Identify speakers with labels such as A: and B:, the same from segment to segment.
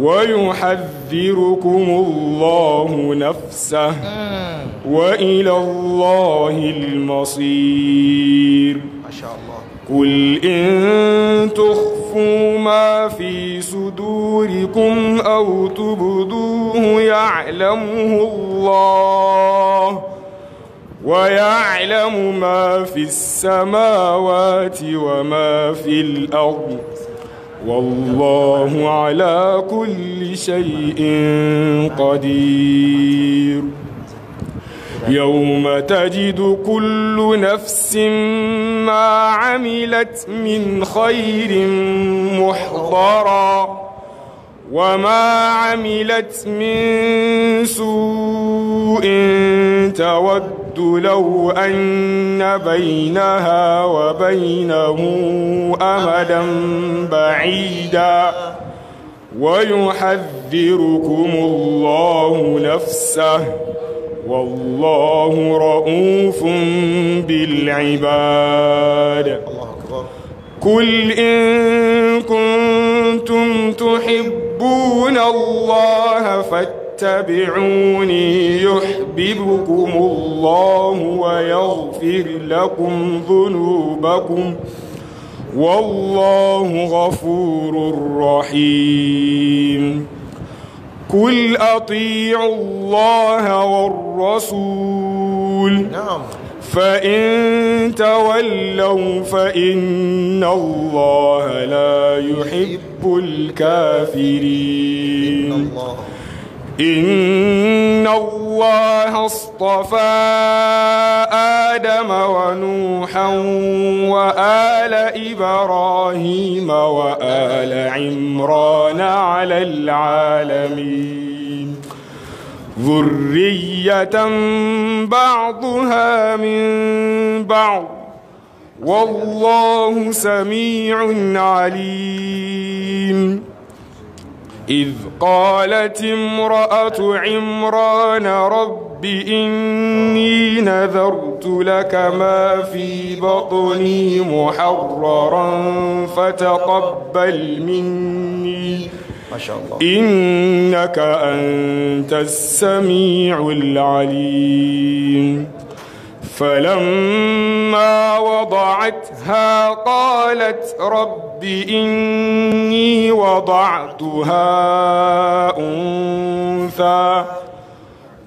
A: ويحذركم الله نفسه وإلى الله المصير ما شاء الله قل إن تخفوا ما في صدوركم أو تبدوه يعلمه الله ويعلم ما في السماوات وما في الأرض والله على كل شيء قدير يوم تجد كل نفس ما عملت من خير محضرا وما عملت من سوء تود يود لو أن بينها وبينه أمدا بعيدا ويحذركم الله نفسه والله رؤوف بالعباد قل إن كنتم تحبون الله فاتقوا اتبعوني يحببكم الله ويغفر لكم ذنوبكم والله غفور رحيم قل اطيعوا الله والرسول نعم فإن تولوا فإن الله لا يحب الكافرين إن الله إن الله اصطفى آدم ونوحا وآل إبراهيم وآل عمران على العالمين ذرية بعضها من بعض والله سميع عليم إذ قالت امرأة عمران رب إني نذرت لك ما في بطني محررا فتقبل مني ما شاء الله إنك أنت السميع العليم فلما وضعتها قالت رب إني وضعتها أنثى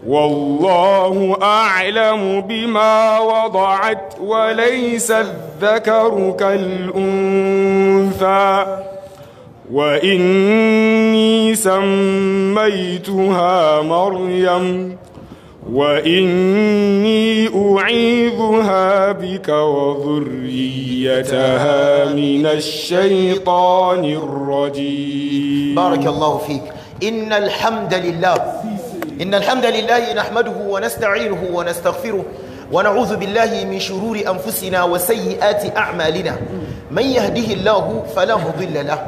A: والله أعلم بما وضعت وليس الذكر كالأنثى وإني سميتها مريم وإني أعيذها بك وذريتها من الشيطان الرجيم بارك الله فيك إن الحمد لله إن الحمد
B: لله نحمده ونستعينه ونستغفره ونعوذ بالله من شرور أنفسنا وسيئات أعمالنا من يهده الله فلا مضل له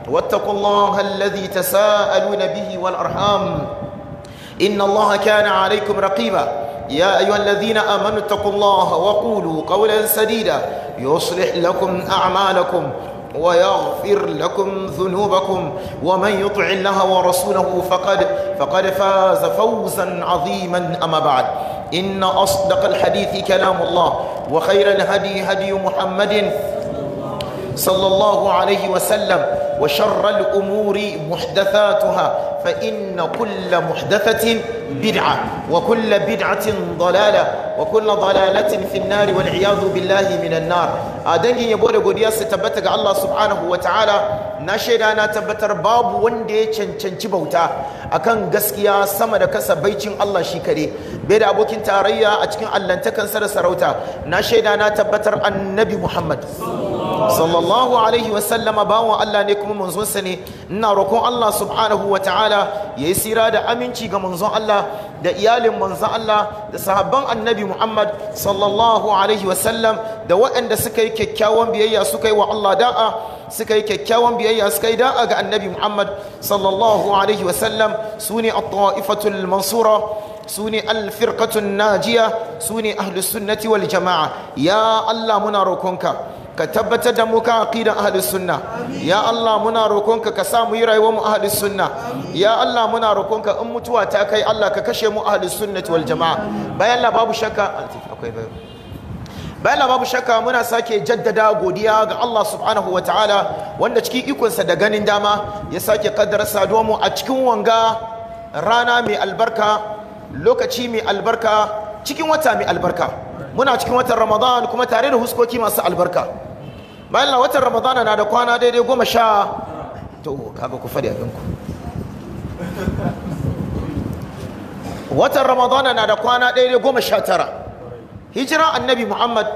B: واتقوا الله الذي تساءلون به والأرحام إن الله كان عليكم رقيبا يا أيها الذين آمنوا اتقوا الله وقولوا قولا سديدا يصلح لكم أعمالكم ويغفر لكم ذنوبكم ومن يطع الله ورسوله فقد فقد فاز فوزا عظيما أما بعد إن أصدق الحديث كلام الله وخير الهدي هدي محمد صلى الله عليه وسلم وشر الأمور محدثاتها فإن كل محدثة بدعة وكل بدعة ضلالة وكل ضلالة في النار والعياذ بالله من النار أدني يبور قديا ستبتك الله سبحانه وتعالى نشهد أنا تبتر باب وندي چنچنچ بوتا أكن قسكيا سمد كسا بيچن الله شكري بيد أبو كنت أريا أتكن ألن تكن سر سروتا نشهد أنا تبتر النبي محمد صلى الله عليه وسلم sallallahu alaihi wasallama bawan Allah ne kuma manzonsa ne ina roƙon Allah subhanahu wa ta'ala ya yi sira da aminci ga manzon Allah da iyalin manzon Allah da sahabban annabi Muhammad sallallahu alaihi wasallam da waɗanda suka yi kyakkyawan biyayya suka yi wa Allah da'a suka yi kyakkyawan biyayya suka yi da'a ga annabi Muhammad sallallahu alaihi wasallam su ne at-ta'ifatul mansura najiya su ne ahlus sunnati wal jama'a ya allah muna roƙonka ka tabbatar da mu kan aqidan ahlus sunna ya Allah muna roƙonka ka sa mu yi rayuwar mu ahlus sunna ya Allah muna roƙonka in mutuwa ta kai Allah ka kashe mu ahlus sunnati wal jamaa bayan la babu shakka akwai bayan bayan babu shakka muna sake jaddada godiya ga Allah subhanahu Ta'ala, wanda cikin ikonsa da ganin dama ya sake kaddara saduwa mu a cikin wanga rana mai albarka lokaci mai albarka cikin wata mai albarka muna cikin watan ramadan kuma tare da huskoki masu albarka bayan watan ramadan na da kwana daidai goma sha to kaga ku faɗi abinku watan ramadan na da kwana daidai goma sha tara hijira annabi muhammad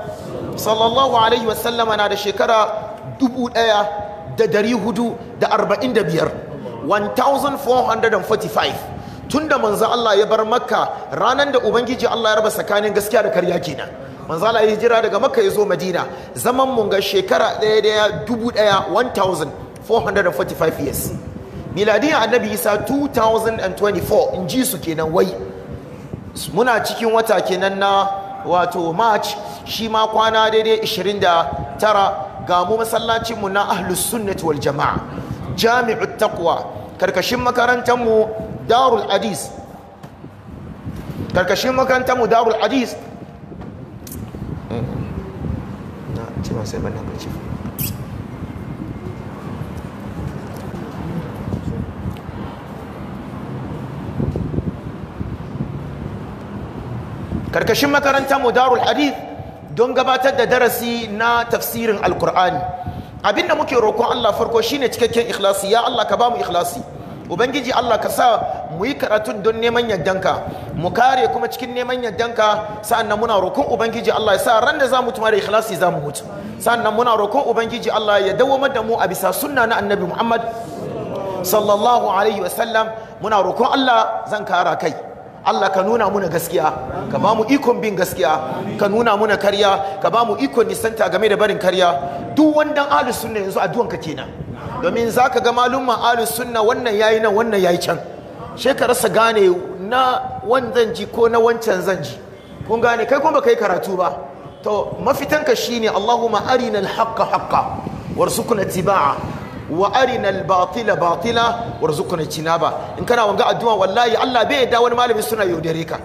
B: sallallahu alaihi wasallama na da shekara dubu ɗaya da dari hudu da arba'in da biyar 1445 tunda manzo Allah ya bar makka ranan da ubangiji Allah ya raba tsakanin gaskiya da karya kenan manzo Allah ya hijira daga makka ya zo madina zaman mun ga shekara ɗaya ɗaya dubu ɗaya 1445 years miladiyan annabi isa 2024 in ji su kenan wai muna cikin wata kenan na wato march shi ma kwana daidai 29 ga mu masallacin mu na ahlus sunnati wal jama'a jami'ut taqwa karkashin makarantar mu darul hadis karkashin makarantar mu darul hadis
C: na nan
B: karkashin makarantar mu darul hadis don gabatar da darasi na tafsirin alkur'ani abinda muke roƙon Allah farko shine cikakken ikhlasi ya Allah ka ba mu ikhlasi ubangiji Allah ka sa mu yi karatun don neman yardanka mu kare kuma cikin neman yardanka sa'annan muna roƙon ubangiji Allah ya sa ran da za mu tuma da ikhlasi mu mutu sa'annan muna roƙon ubangiji Allah ya dawo da mu a bisa sunna na annabi Muhammad sallallahu alaihi wa sallam muna roƙon Allah zan kara kai Allah ka nuna muna gaskiya ka ba mu ikon bin gaskiya ka nuna muna karya ka ba mu ikon nisanta game da barin karya duk wanda ahlus sunna yanzu addu'an ka kenan domin za ka ga malumma alus sunna wannan yayi nan wannan yayi can sai ka rasa gane na wanzan ji ko na wancan zan ji kun gane kai kuma kai karatu ba to mafitanka shine Allahumma arina al-haqqa haqqa warzuqna tibaa wa arina batila batila warzuqna ba in kana wanga addu'a wallahi Allah bai da wani malami suna yaudare ka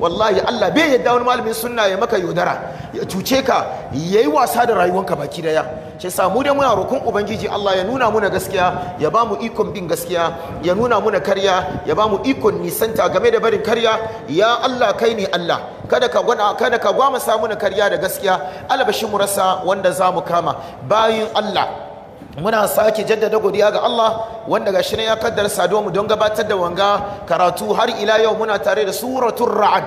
B: wallahi Allah bai yadda wani malamin sunna ya maka yaudara ya cuce ka ya yi wasa da rayuwanka baki daya shi samu da muna roƙon ubangiji Allah ya nuna muna gaskiya ya ba mu ikon bin gaskiya ya nuna muna karya ya ba mu ikon nisanta game da barin karya ya Allah kai ne Allah kada ka gwada kada ka gwama samu na karya da gaskiya albashin mu rasa wanda za mu kama bayin Allah muna sake jaddada godiya ga Allah wanda ga shirin ya kaddara saduwa mu don gabatar da wanga karatu har ila yau muna tare da suratul ra'ad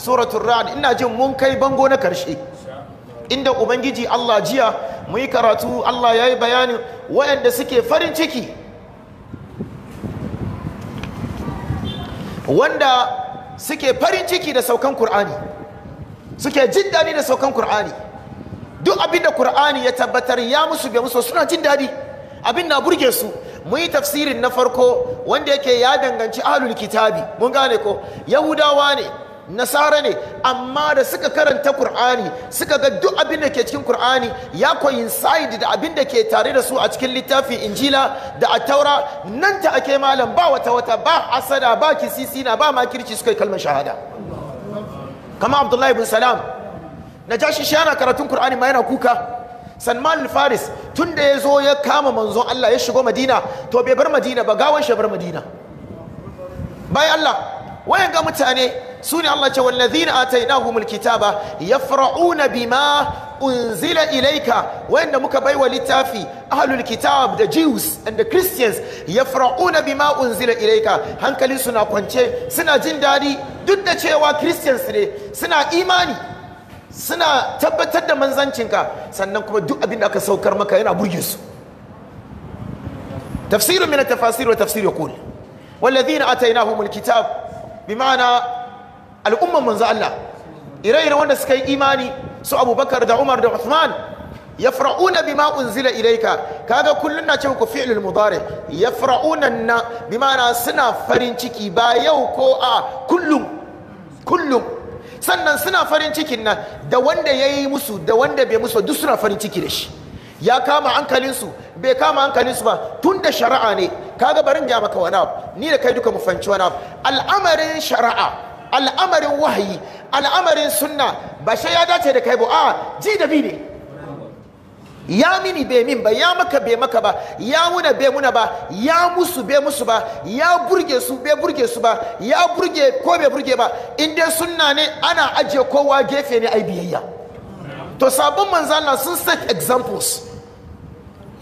B: suratul ra'ad ina jin mun kai bango na karshe inda ubangiji Allah jiya mu yi karatu Allah ya yi bayanin wayanda suke farin ciki wanda suke farin ciki da saukan Kur'ani suke jin daɗi da saukan Kur'ani duk abin da Qur'ani ya tabbatar ya musu bai musu suna jin daɗi abin na burge su mu yi tafsirin na farko wanda yake ya danganci ahlul kitabi mun gane ko yahudawa ne nasara ne amma da suka karanta Kur'ani suka ga duk abin da ke cikin Kur'ani ya coincide da abin da ke tare da su a cikin littafin Injila da taura nan ta ake malam ba wata wata ba asada ba kisisina na ba makirci suka yi kalmar shahada kama Abdullahi bin Salam najashi shi yana karatun Kur'ani ma yana kuka Salman al-Faris tun da ya zo ya kama manzon Allah ya shigo Madina to bai bar Madina ba gawan shi bar Madina bayan Allah wayan ga mutane su ne Allah ce wallazina atainahumul kitaba yafra'una bima unzila ilaika wayanda muka baiwa littafi ahlul kitab da Jews and the Christians yafra'una bima unzila ilaika hankalin suna kwance suna jin dadi duk da cewa Christians ne suna imani suna tabbatar da manzancinka sannan kuma duk abin da aka saukar maka yana burge su tafsirin mina tafasir wa tafsir ya kone wallazina atainahumul kitab bi ma'ana al'umman manzo Allah ire-ire wanda suka yi imani su abubakar da umar da uthman yafra'una bima unzila ilayka kaga kullum na ce ku fi'lul Ya yafra'una na bi ma'ana suna farin ciki ba yau ko a kullum kullum sannan suna farin cikin nan da wanda ya yi musu da wanda bai musu duk suna farin ciki da shi ya kama hankalinsu bai kama hankalinsu ba tun da shari'a ne kaga barin ya maka wani abu ni da kai duka mu fanci wani abu al'amarin shari'a al'amarin wahayi al'amarin sunna ba sai ya dace da kai ba a ji da bi ne ya mini bai min ba ya maka bai maka ba ya muna bai muna ba ya musu bai musu ba ya burge su bai burge su ba ya burge ko bai burge ba in dai sunna ne ana ajiye kowa gefe ne ai biyayya to sabon manzana sun set examples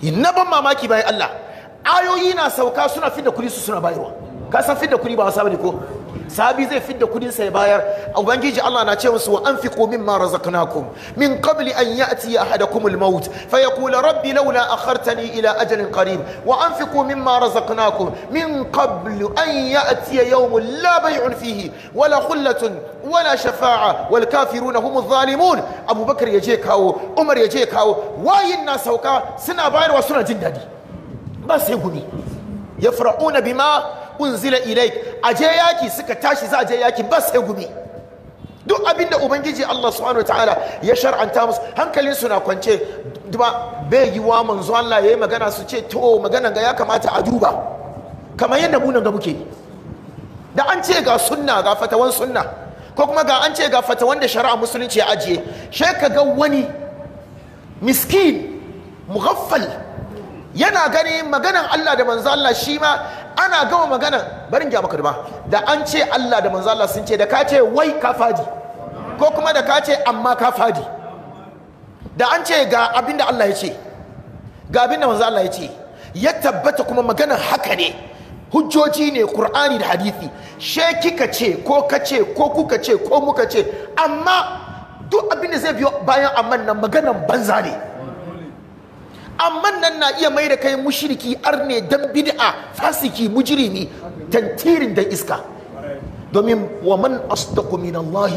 B: na ban mamaki bayan Allah ayoyi na sauka suna fidda kuri su suna bayarwa ka san fidda kuri ba wasa bane ko sahabi zai fidda kudin sa ya bayar ubangiji Allah na ce musu wa anfiqu mimma razaqnakum min kabli an ya'ti ahadakumul maut kula rabbi laula akhartani ila ajalin qarib wa anfiqu mimma razaqnakum min qabli an ya'ti yawmun la bay'un fihi wala khullatun wala shafa'a wal kafiruna humuz zalimun abubakar je kawo umar ya je kawo wayin na sauka suna bayarwa suna jin dadi ba sai gumi yafra'una bima unzila ilaik aje yaki suka tashi za a je yaki ba sai gumi duk abinda ubangiji Allah subhanahu ta'ala ya shar'anta musu hankalin su na kwance duba bai yi wa manzo Allah yayi magana su ce to magana ga ya kamata a duba kamar yadda mu nan ga muke da an ce ga sunna ga fatawan sunna ko kuma ga an ce ga fatawan da shari'a musulunci ya ajiye sai ga wani miskin mughaffal yana gani maganan Allah da manzo Allah shi ma ana gama maganan barin gya maka da an ce Allah da manzo Allah sun ce da ka ce wai ka fadi ko kuma da ka ce amma ka fadi da an ce ga abin da Allah ya ce ga abin da manzo Allah ya ce ya tabbata kuma maganan haka ne hujjoji ne Qur'ani da hadisi she kika ce ko ka ce ko kuka ce ko muka ce amma duk abin da zai biyo bayan amman nan maganan banza ne amma nan na iya mai da kai mushriki arne dan bid'a fasiki mujrimi tantirin da iska domin wa man asdaqu min Allah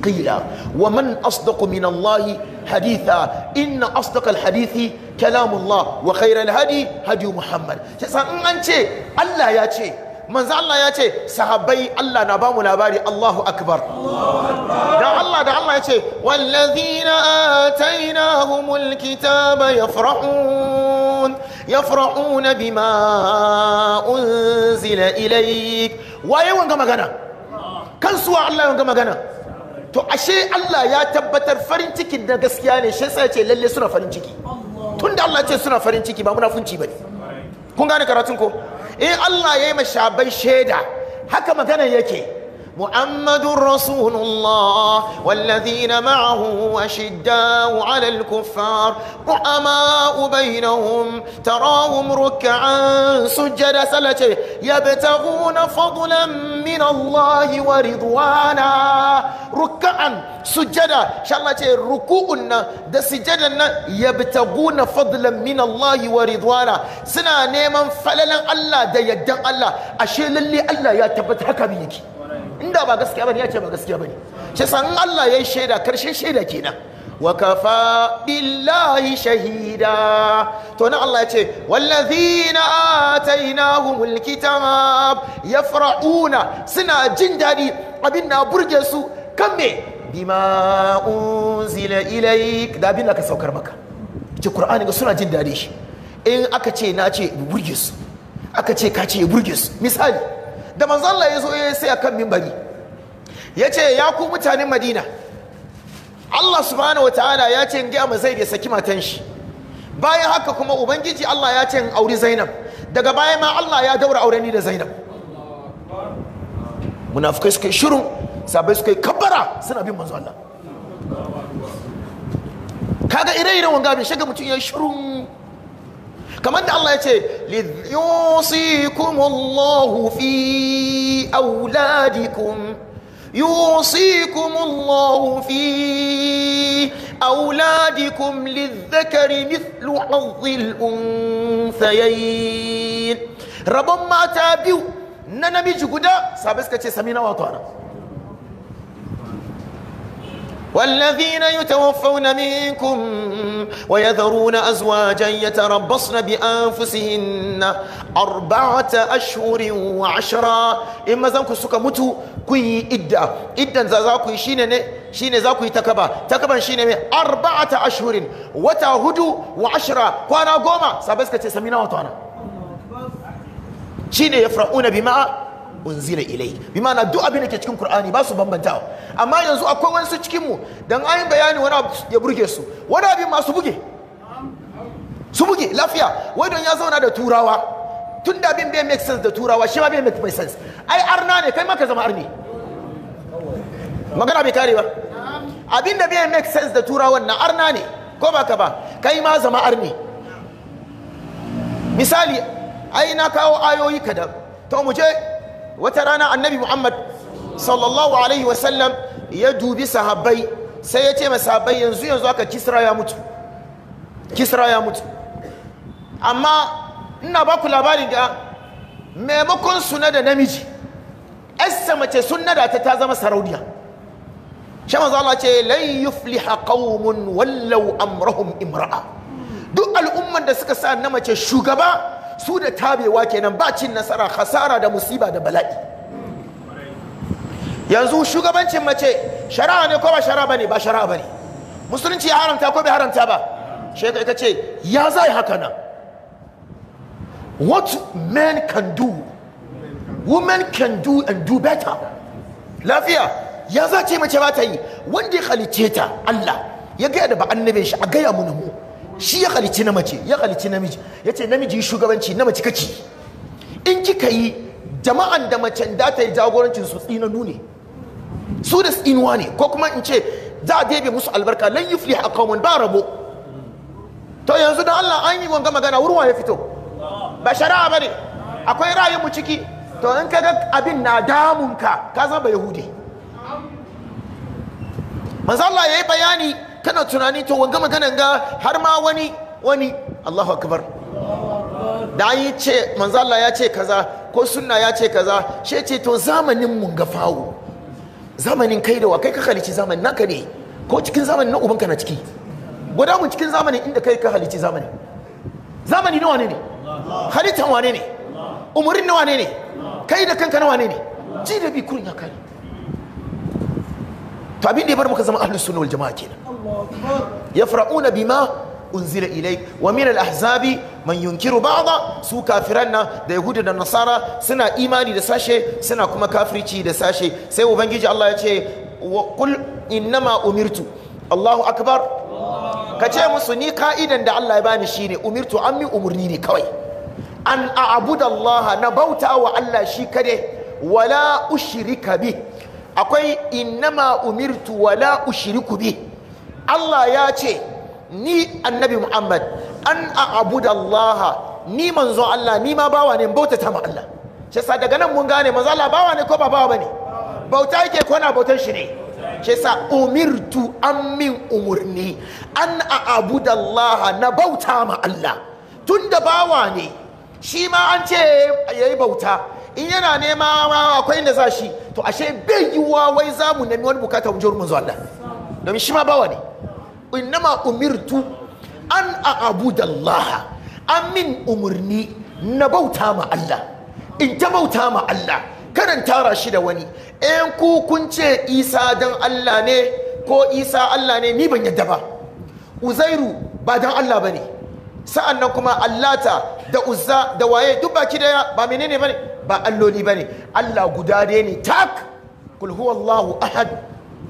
B: qila wa man asdaqu min Allah haditha inna asdaqal hadithi kalamullah wa kairan hadi hadi Muhammad sai in an ce Allah ya ce manzo Allah ya ce sahabbai Allah na bamu labari Allahu akbar
C: da
B: Allah da Allah ya ce wallazina atainahumul kitaba yafrahun yafrahun bima unzila ilayk waye wanga magana suwa Allah wanga magana to ashe Allah ya tabbatar farin ciki da gaskiya ne shi sai ya ce lalle suna farin ciki tunda Allah ya ce suna farin ciki ba munafunci bane kun gane karatun ko in Allah ya yi mashabai shaida haka maganan yake محمد رسول الله والذين معه أشداء على الكفار رحماء بينهم تراهم ركعا سجد سلته يبتغون فضلا من الله ورضوانا ركعا سجدا شالله ركوعنا ده سجدنا يبتغون فضلا من الله ورضوانا سنا نيمان فللا الله ده يدن الله أشي للي الله يا تبت هكا بيكي inda ba gaskiya bane ya ce ba gaskiya bane shi san Allah yayi shaida karshen shaida kenan wa kafa billahi shahida to na Allah ya ce wallazina atainahumul kitab yafra'una suna jin daɗi abin na burge su kan me bima unzila ilaik da abin ka saukar maka ce qur'ani ga suna jin dadi shi in aka ce na ce burge su aka ce ka ce burge su misali da manzo ya zo ya sai akan kan yace ya ku mutanen Madina Allah wa ta'ala ya ce in ga ma zai ya saki matan shi bayan haka kuma ubangiji Allah ya ce in auri Zainab daga baya ma Allah ya daura aure ni da Zainab munafikai suka yi shiru sabai suka yi kabbara suna bin manzo Allah kaga ire-iren wanga bin shiga mutum ya yi shiru كما أن الله يقول يوصيكم الله في أولادكم يوصيكم الله في أولادكم للذكر مثل حظ الأنثيين ربما تابوا ننا جهودا سابس سمينا وطارا والذين يتوفون منكم ويذرون أزواجا يتربصن بأنفسهن أربعة أشهر وعشرة إما زنكو سكا متو كي إدى إدى زاكو شيني شيني زاكو تكبا تكبا شيني أربعة أشهر وتهدو وعشرة كوانا قوما سابسكا تسمينا وطانا شيني يفرحون بما unzila ilai bi ma'ana duk abin da ke cikin qur'ani ba su bambantawa amma yanzu akwai wani cikin mu dan ayin bayani wani abu ya burge su wani abin ma su buge su buge lafiya wai don ya zauna da turawa tun da abin bai make sense da turawa shi ma bai make sense ai arna ne kai ma ka zama arni magana bai kare ba abin da bai make sense da turawan na arna ne ko ba ka ba kai ma zama arni misali ai na kawo ayoyi kadan to mu je wata rana annabi muhammad sallallahu alaihi wasallam ya dubi sahabbai sai ya ce ma sahabbai yanzu yanzu aka kisra ya mutu kisra ya mutu amma ina ba ku labari da maimakon suna da namiji yasta mace sunna da ta ta zama sarauniya shi maza Allah ce lan yufliha qaumun wallau amrahum imra'a duk al'umman da suka sa na mace shugaba su da tabewa kenan ba cin nasara hasara da musiba da bala'i yanzu shugabancin mace shara'a ne ko ba ba bane ba ba bane musulunci ya haramta ko bai haramta ba shi ka ce ya zai haka nan what men can do women can do and do better lafiya ya za ce mace ba ta yi wanda ya halice ta Allah ya gaya da ba annabin shi a gaya mu mu shi ya halici na mace ya halici namiji ya ce namiji shugabanci na mace kaci in kika yi jama'an da mace da ta yi jagorancin su tsina nune su da tsinuwa ne ko kuma in ce za a debe musu albarka lan a kawon ba rabo to yanzu da Allah an yi wanga magana wurwa ya fito ba shari'a ne akwai ra'ayin mu ciki to in ka ga abin na damunka ka zama yahudi manzo Allah yi bayani kana tunani to wanga maganan ga har ma wani wani Allahu akbar da an yi ce manzo Allah ya ce kaza ko sunna ya ce kaza she ce to zamanin mun ga fawo zamanin kai da wa kai ka halici zamanin naka ne ko cikin zamanin na ubanka na ciki guda mu cikin zamanin inda kai ka halici zamani zamani na wane ne halittan wane ne umarin na wane ne kai da kanka na wane ne ji da bi kurin ya kai to abin da ya bar muka zama ahlus sunna wal jama'a kenan yafra'una bima unzila ilai wa min al-ahzabi man yunkiru ba'da su kafiran na da yahudu da nasara suna imani da sashe suna kuma kafirci da sashe sai ubangiji Allah ya ce qul innama umirtu Allahu akbar ka ce musu ni ka'idan da Allah ya bani shine umirtu an mi umurni ne kawai an a'budu Allah na bauta wa Allah shi kade wala ushrika bi akwai innama umirtu wala ushriku bi Allah ya ce ni annabi Muhammad an Allah ni manzo Allah ni ma bawa ne bautata ma Allah shi yasa daga nan mun gane manzo Allah bawa ne ko ba bawa bane bauta yake ko na bautan shi ne shi yasa umirtu an min umurni an Allah na bauta ma Allah tunda bawa ne shi ma an ce yayi bauta in yana nema akwai inda za shi to ashe bai yiwuwa wai zamu mu nemi wani bukata mu manzo Allah domin shi ma bawa ne innama umirtu an aqabuda Allah an umurni na bauta ma Allah in ta bauta ma Allah karan tara shi da wani ɗayan ku kun ce Isa dan Allah ne ko Isa Allah ne ni ban yadda ba Uzairu ba dan Allah bane sa'an nan kuma Allah ta da Uzza da waye duk baki daya ba menene bane ba alloli bane Allah guda ne tak kul huwallahu ahad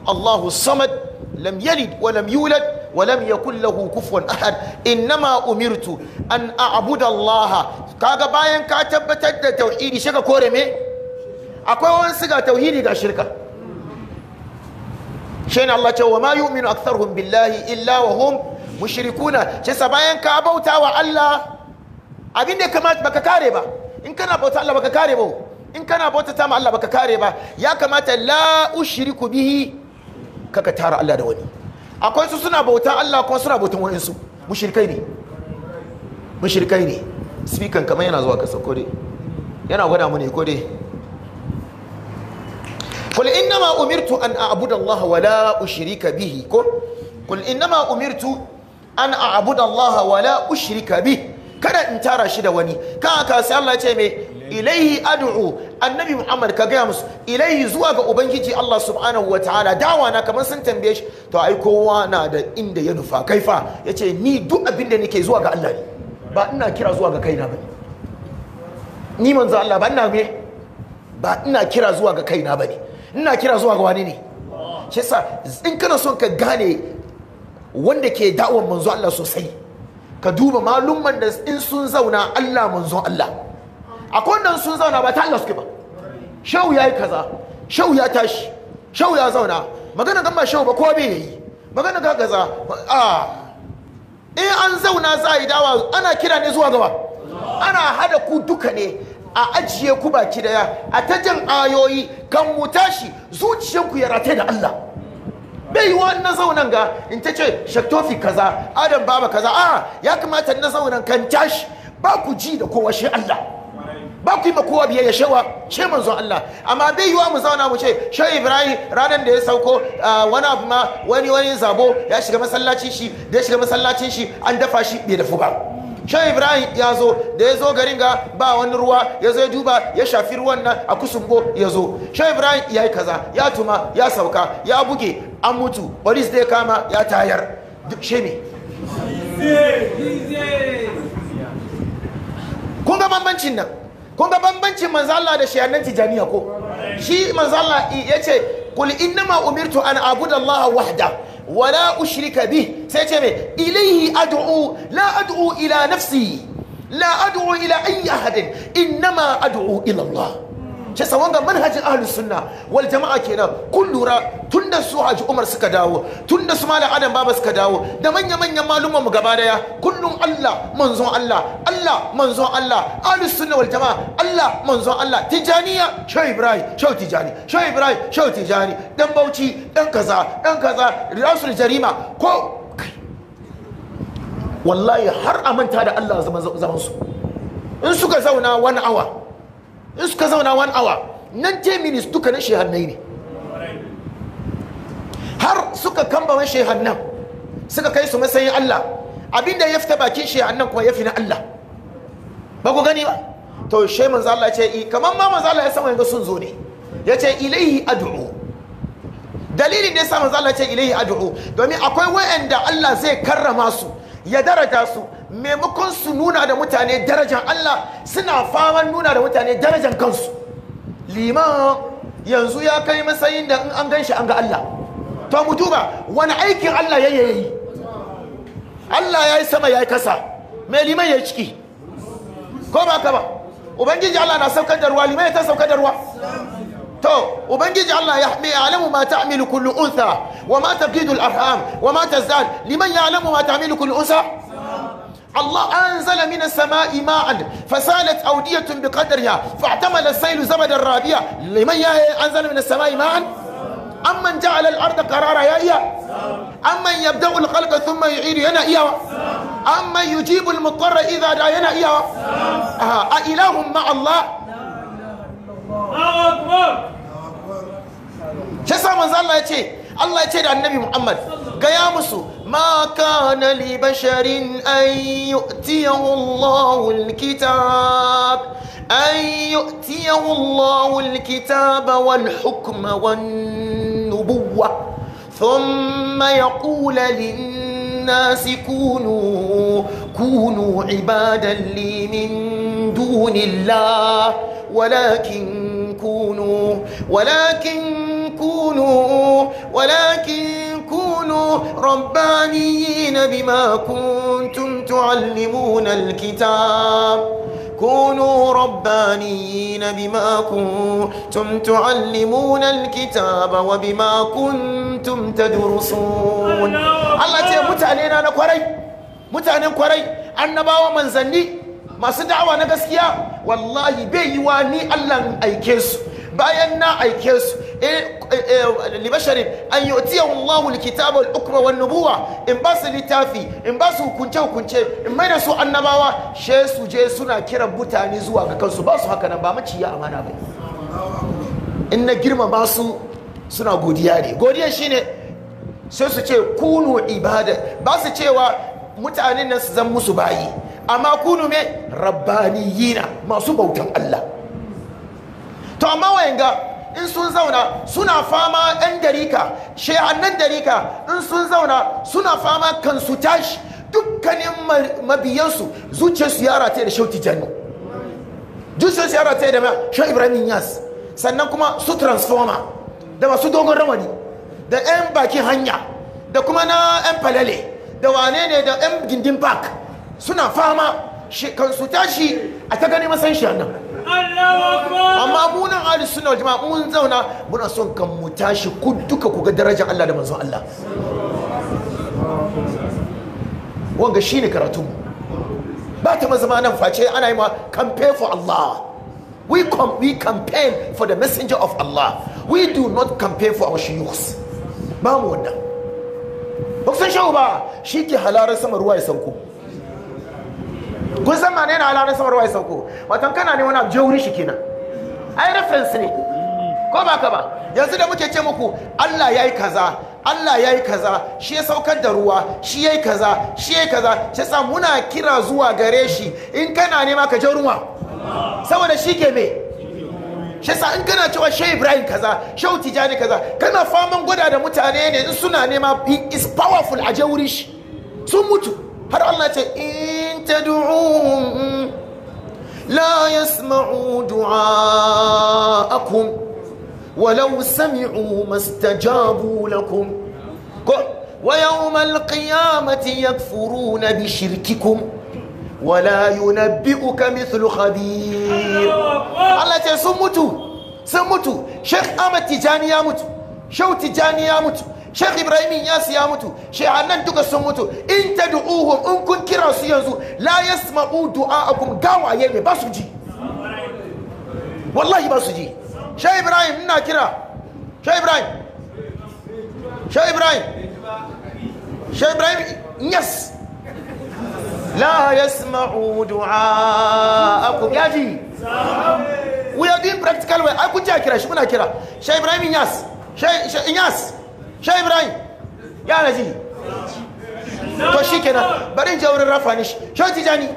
B: Allahu samad lam yalid wa lam yulad wa lam yakul lahu kufuwan ahad innama umirtu an a'budu Allah kaga bayan ka tabbatar da tauhidi shaka kore me akwai wani siga tauhidi ga shirka shi ne Allah ce wa ma yu'minu aktharuhum billahi illa wa bayan ka bauta wa Allah abin da kamata baka kare ba in kana bauta Allah baka kare ba in kana bauta ta ma Allah baka kare ba ya kamata la ushriku bihi kaka tara Allah da wani akwai su suna bautan Allah kuma suna bautan wani su mushrikai ne mushirkai ne speaker kamar yana zuwa kasa kore yana gwada mu ne umirtu an a'budu Allah wa la ushrika bihi ko kul inna ma umirtu an a'budu Allah wa la ushrika bihi kada in tara shi da wani kan haka sai Allah ya ce mai ilaihi ad'u annabi muhammad ka gaya musu ilaihi zuwa ga ubangiji allah subhanahu wa ta'ala dawa na kamar sun tambaye shi to ai kowa na da inda ya nufa kaifa yace ni duk abin da nake zuwa ga allah ne ba ina kira zuwa ga kaina bane ni manzo allah ba ina me ba ina kira zuwa ga kaina bane ina kira zuwa ga wani ne shi yasa in kana son ka gane wanda ke da'awar manzo allah sosai ka duba malumman da in sun zauna allah manzon allah akwai nan sun zauna ba ta Allah ba shau yi kaza shau ya tashi shau ya zauna magana kan ba shau ba ko bai yi. magana ga gaza, a in an zauna za a yi dawa ana kira ne zuwa gaba ana hada ku duka ne a ajiye ku baki daya a ta jan ayoyi kan mu tashi zuciyanku ya rataye da Allah bai yi na zaunan ga in ta ce shaktofi kaza adam baba kaza a ya kamata na zaunan kan tashi ba ku ji da kowa shi Allah ba ku yi ma kowa biyayya shewa ce manzon Allah amma bai yiwa mu zauna mu ce shehu Ibrahim ranar da ya sauko wani abu ma wani wani zabo ya shiga masallacin shi da ya shiga masallacin shi an dafa shi bai dafu ba shehu Ibrahim ya zo da ya zo garin ga ba wani ruwa ya zo ya duba ya shafi ruwan nan a kusumbo ya zo shehu Ibrahim ya yi kaza ya tuma ya sauka ya buge an mutu baris da ya kama ya tayar duk she ne kun ga bambancin nan kun ga bambancin manzo Allah da shayanan tijaniya ko shi manzo Allah yace kul innama umirtu an abudallaha wahda wala ushirika ushrika bih sai ce me ilayhi ad'u la ad'u ila nafsi la ad'u ila ayyi ahadin innama ad'u ila Allah ce sawan ga manhajin ahlus sunna wal jama'a kenan kun lura tunda su haji umar suka dawo tunda su malam adam baba suka dawo da manya manyan malumanmu gaba daya kullum Allah manzon Allah Allah manzon Allah ahlus sunna wal jama'a Allah manzon Allah tijaniya shehu ibrahim shehu tijani shehu ibrahim shehu tijani dan bauchi dan kaza dan kaza rasul jarima ko wallahi har a manta da Allah zaman su in suka zauna wani awa in suka zauna one hour nan 90 minutes duka na shehannai ne har suka kambama shehannan suka kai su matsayin Allah abinda ya fita bakin shehannan kuwa ya fi na Allah ba ku gani ba to she manzo Allah ya ce i eh, kaman ma manzo Allah ya sama yanzu sun zo ne ya ce ilaihi ad'u dalilin da ya sa manzo Allah ya ce ilaihi ad'u domin akwai wayanda Allah zai karrama su ya daraja su maimakon su nuna da mutane darajan Allah suna faman nuna da mutane darajan kansu liman yanzu ya kai matsayin da in an gan shi an ga Allah to mu duba wani aikin Allah ya yi Allah ya yi sama ya yi kasa mai liman ya yi ciki ko ba ka ba ubangiji Allah na saukar da ruwa liman ya ta saukar da ruwa to ubangiji Allah ya mai alamu ma ta'milu kullu untha wa ma ta al-arham wa ma ta zan, liman ya alamu ma ta'milu kullu untha الله أنزل من السماء ماء فسالت أودية بقدرها فاحتمل السيل زبد الرابية لمن أنزل من السماء ماء أمن جعل الأرض قرارا يا إياه أمن يبدأ الخلق ثم يعيد ينا إياه أمن يجيب المضطر إذا دعا ينا إياه أإله مع الله الله أكبر shi sa manzo Allah ya ce Allah ya ce da annabi Muhammad gaya musu ما كان لبشر أن يؤتيه الله الكتاب أن يؤتيه الله الكتاب والحكم والنبوة ثم يقول للناس كونوا كونوا عبادا لي من دون الله ولكن كونوا ولكن كونوا ولكن كونوا ربانيين بما كنتم تعلمون الكتاب كونوا ربانيين بما كنتم تعلمون الكتاب وبما كنتم تدرسون الله يقول متعنين أنا كوري متعنين كوري أنا باوا منزلني masu da'awa na gaskiya wallahi bai yi wa ni allah aike su bayan na aike su eh, eh, eh, libashari an yi otiya wallahu likitaba al'ukma wa nubuwa in ba su littafi in ba su hukunce hukunce in mai da su annabawa she su je suna kiran mutane zuwa ga kansu ba su haka nan ba maciya amana bai in na girmama su suna godiya ne godiya shine sai su ce kunu ibada ba su cewa mutanen nan su zan musu bayi amma kunu me yina masu bautan Allah to amma wayanga in sun zauna suna fama ɗan darika shehannan darika in sun zauna suna fama kansu tashi dukkanin mabiyansu zuciyarsu ya yi da shauti jannu zuciyarsu ta yi da ma shan ibrahim yas sannan kuma su transforma da masu dogon ramani da 'yan bakin hanya da kuma na 'yan falale da wane ne da 'yan gindin park suna fama kansu tashi a ta gani masan shi nan
C: amma
B: munan ahli sunna jama'a mun zauna muna son kan mu tashi ku duka ku ga darajar Allah da manzon Allah wanga shine karatu ba ta zama nan face ana yi ma campaign for Allah we come, we campaign for the messenger of Allah we do not campaign for our shuyukhs ba mu wannan ba san shawo ba shi ke halarar sama ruwa ya sanko kun san ma ne na halarin samar wa sauko watan kana ne wani abu je wurin shi kenan ai reference ne ko ba ka ba yanzu da muke ce muku Allah ya yi kaza Allah ya yi kaza shi ya saukar da ruwa shi ya yi kaza shi ya yi kaza shi sa muna kira zuwa gare shi in kana nema ka je ruwa saboda shi ke me shi sa in kana cewa shi ibrahim kaza shau tijani kaza kana faman gwada da mutane ne in suna nema is powerful a je wuri shi sun mutu har Allah ce eh تدعوهم لا يسمعوا دعاءكم ولو سمعوا ما استجابوا لكم ويوم القيامة يكفرون بشرككم ولا ينبئك مثل خبير الله ce sun mutu sun mutu Sheikh Ahmad Tijani ya mutu Shehu Tijani ya mutu Sheikh Ibrahim ya siya mutu annan duka sun mutu in tad'uhum in kun kira su yanzu la yasma'u du'a'akum gawaye yayi ba su ji wallahi ba su ji Sheikh Ibrahim ina kira Sheikh Ibrahim Sheikh Ibrahim Sheikh Ibrahim yes la yasma'u du'a'akum yaji we are doing practical way ai kun ji kira shi muna kira Sheikh Ibrahim yes Sheikh Inyas shai ibrahim ya razi. to shi kenan bari je wurin rafa ne shai tijani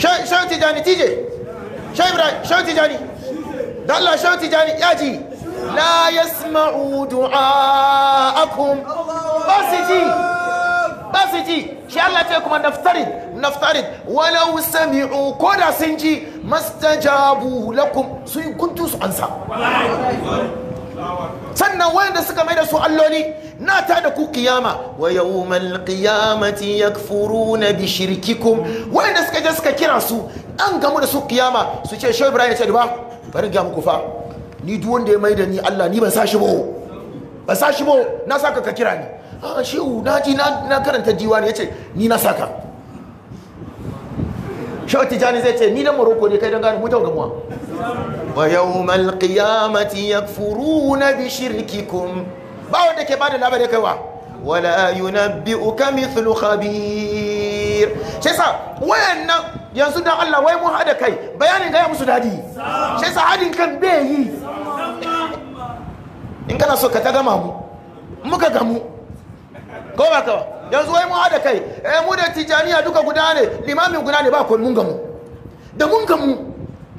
B: shai tijani tije shai ibrahim shai tijani da Allah shai tijani ya ji la yasma'u du'a'akum Basi ji Basi ji shi Allah ce kuma naftarin. Naftarin. walau sami'u ko da sun ji mastajabu lakum sun kuntu su ansa sannan wayanda suka mai da su alloli na ta da ku kiyama wa yawmal qiyamati yakfuruna bi shirkikum wayanda suka je suka kira su an gamu da su kiyama su ce shehu ibrahim ya ce ba bari ga muku fa ni duk wanda ya mai da ni Allah ni ban sa shi ba ban sa shi ba na saka ka kira ni a ah, shehu na ji na karanta diwani ya ce ni na saka shawar tijani zai ce ni na morocco ne kai don gane mutan gamuwa wa yau malkiyamati ya furu na bishirkikum ba wanda ke bada labarai kaiwa wala bi uka mithlu khabir shi sa wayannan yanzu da Allah wai mun hada kai bayanin gaya musu dadi shi sa hadin kan bai yi in kana so ka ta gama mu muka gamu ko ba ka ba yanzu wai mu haɗa kai eh mu da tijaniya duka guda ne limamin guda ne ba ku mun gamu da mun gamu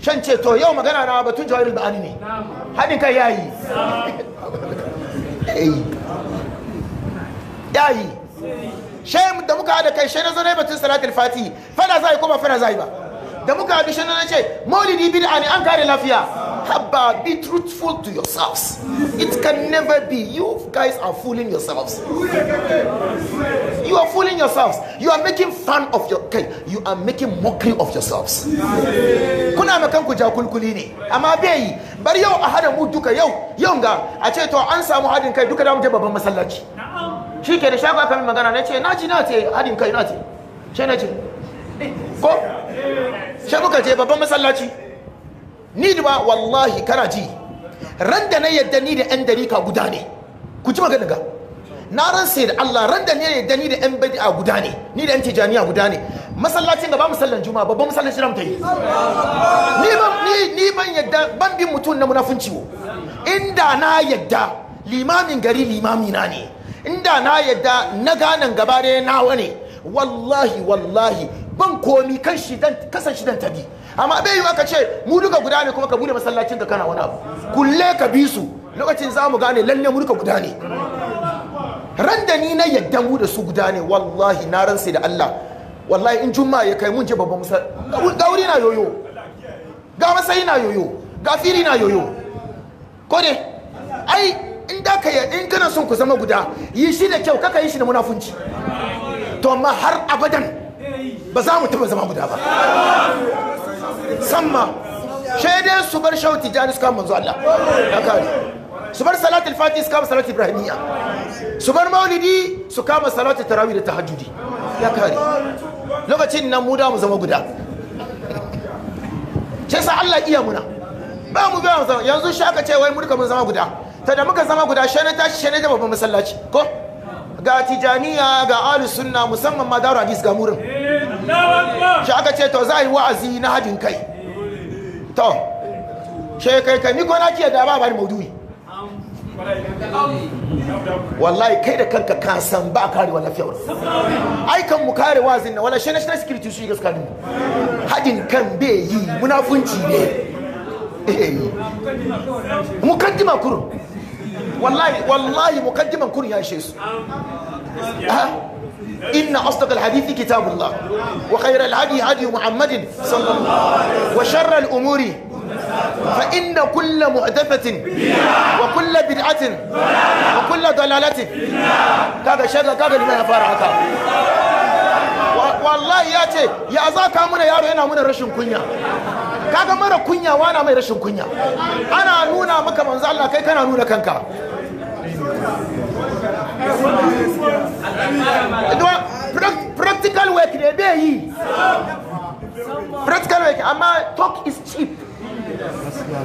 B: shan ce to yau magana na batun jawahirul ba'ani ne haɗin kai yayi eh. yayi shai da muka haɗa kai shai na zo ne batun salatul fatihi fana zai ko ba fana zai ba da muka haɗu shai na ce maulidi bid'a ne an kare lafiya haba be truthful to yourselves it can never be you guys are fooling yourselves you are fooling yourselves you are making fun of your kai you are making mockery of yourselves kuna ma kanku jakulkuli ne amma bai yi bari yau a hada mu duka yau yau ga a ce to an samu hadin kai duka da mu je babban masallaci shi ke da shago aka magana na ce na na ce hadin kai na ce ce na ce ko sai muka je babban masallaci ni da ba wallahi kana ji ran da na yadda ni da yan dariƙa guda ne ku ji magana ga na ran sai da Allah ran da ni da ni da yan a guda ne ni da yan tijaniya guda ne masallacin da ba mu sallan juma'a babban masallacin ramu ta yi ni ban ni ni ban yadda ban bi mutum na munafunci wo inda na yadda limamin gari limami na ne inda na yadda na ganan gaba ne nawa ne wallahi wallahi ban komi kan shidan kasan shi dan tabi amma bai yi aka ce mu duka guda ne kuma ka bude masallacin ka kana wani abu kulle ka bi su lokacin za mu gane lalle mu duka guda ne ran da ni na yadda mu da su guda ne wallahi na ran sai da Allah wallahi in juma ya kai mun je babban musal ga wuri na yoyo ga masayi na yoyo ga fili na yoyo ko ne ai in da ka in kana son ku zama guda yi shi da kyau kaka yi shi da munafunci to amma har abadan ba za mu taba zama guda ba samma shaidan su bar shauti jani su manzo Allah na kare su bar salati al-fati su kama salati ibrahimiya su bar maulidi su kama salati tarawih da tahajjudi ya kare lokacin nan mu da mu zama guda ce sa Allah iya muna ba mu ba mu yanzu shi aka ce wai mu duka mun zama guda ta da muka zama guda shi ne tashi shi ne da babban masallaci ko ga tijaniya ga ahlus sunna musamman ma daura hadis ga murin shi aka ce to za a yi wa'azi na hadin kai to shi kai kai ni gona ke da ba ba maudu'i wallahi kai da kanka ka san ba kare lafiyar ai kan mu kare wazin na wala shi national security yi gaskiya ne hadin kan bai yi munafunci ne eh. mukaddima kurun wallahi wallahi muqaddiman kun ya ishe su ah, ah, inna asdaqal hadithi kitabullah wa khayral hadi hadi muhammadin sallallahu alaihi wasallam wa sharral umuri فإن كل مؤدبة وكل بدعة وكل ضلالة كذا شهد كذا لمن يفارع والله ياتي يا أزاك أمنا يا رينا أمنا رشن كنيا kaga mara kunya wana mai rashin kunya ana nuna maka manzo Allah kai kana nuna kanka practical work ne bai yi practical work amma talk is cheap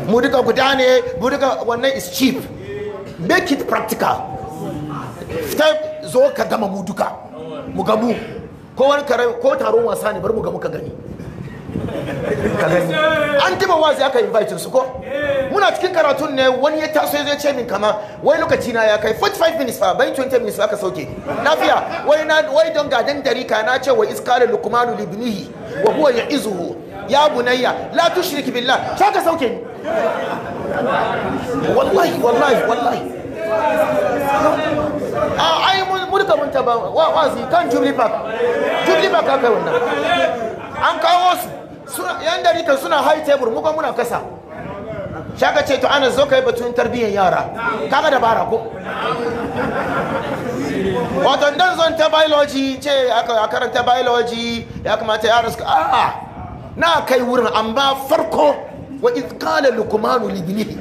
B: mu duka guda ne mu duka wannan is cheap make it practical fita zo ka gama mu duka mu gamu ko wani kare ko taron wasa ne bar mu gamu ka gani
C: an
B: taba wazi aka invite su ko muna cikin karatun ne wani ya taso ya ce min kama wai lokaci na ya kai 45 minutes fa bayan 20 minutes aka sauke lafiya wai na wai don gadan darika na ce wa iskalu lukmanu libnihi wa huwa ya'izuhu ya bunayya la tushrik billah sai ka sauke ni
C: wallahi wallahi wallahi
B: a ai mun ka mun ta ba wazi kan jubilee park jubilee park aka wannan an kawo su suna yan dariƙa suna high table mu muna kasa shaka ce to ana zo kai batun tarbiyyar yara kaga dabara ko wato dan zon ta biology ce a karanta biology ya kamata yara su a'a na kai wurin amma farko wa iz qala luqmanu li ibnihi